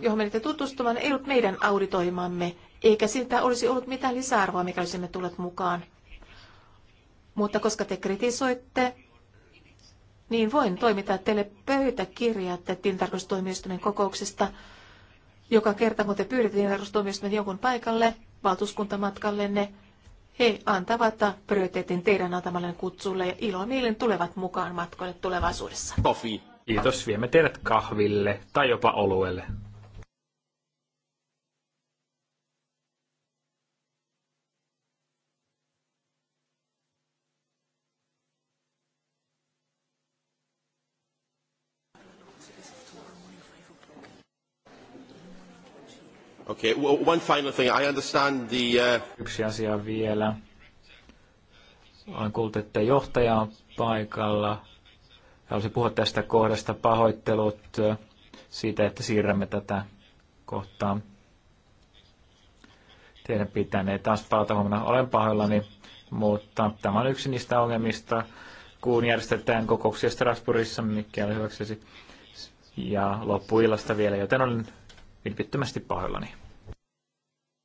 johon menitte tutustumaan, ei ollut meidän auditoimamme, eikä siltä olisi ollut mitään lisäarvoa, mikä olisimme tulleet mukaan. Mutta koska te kritisoitte niin voin toimittaa teille pöytäkirjat tilintarkastustuomioistuimen kokouksesta. Joka kerta, kun te pyydätte tilintarkastustuomioistuimen jonkun paikalle valtuuskuntamatkallenne, he antavat prioriteetin teidän antamalle kutsulle ja ilomielin tulevat mukaan matkoille tulevaisuudessa. Tofi. Kiitos, viemme teidät kahville tai jopa oluelle. Okay, one final thing. I understand the, uh... Yksi asia vielä. Olen kuullut, että johtaja on paikalla. Haluaisin puhua tästä kohdasta pahoittelut äh, siitä, että siirrämme tätä kohtaa. Teidän pitänee taas palata huomenna. Olen pahoillani, mutta tämä on yksi niistä ongelmista, kun järjestetään kokouksia Strasbourgissa, mikä oli hyväksesi, ja loppuillasta vielä, joten olen vilpittömästi pahoillani.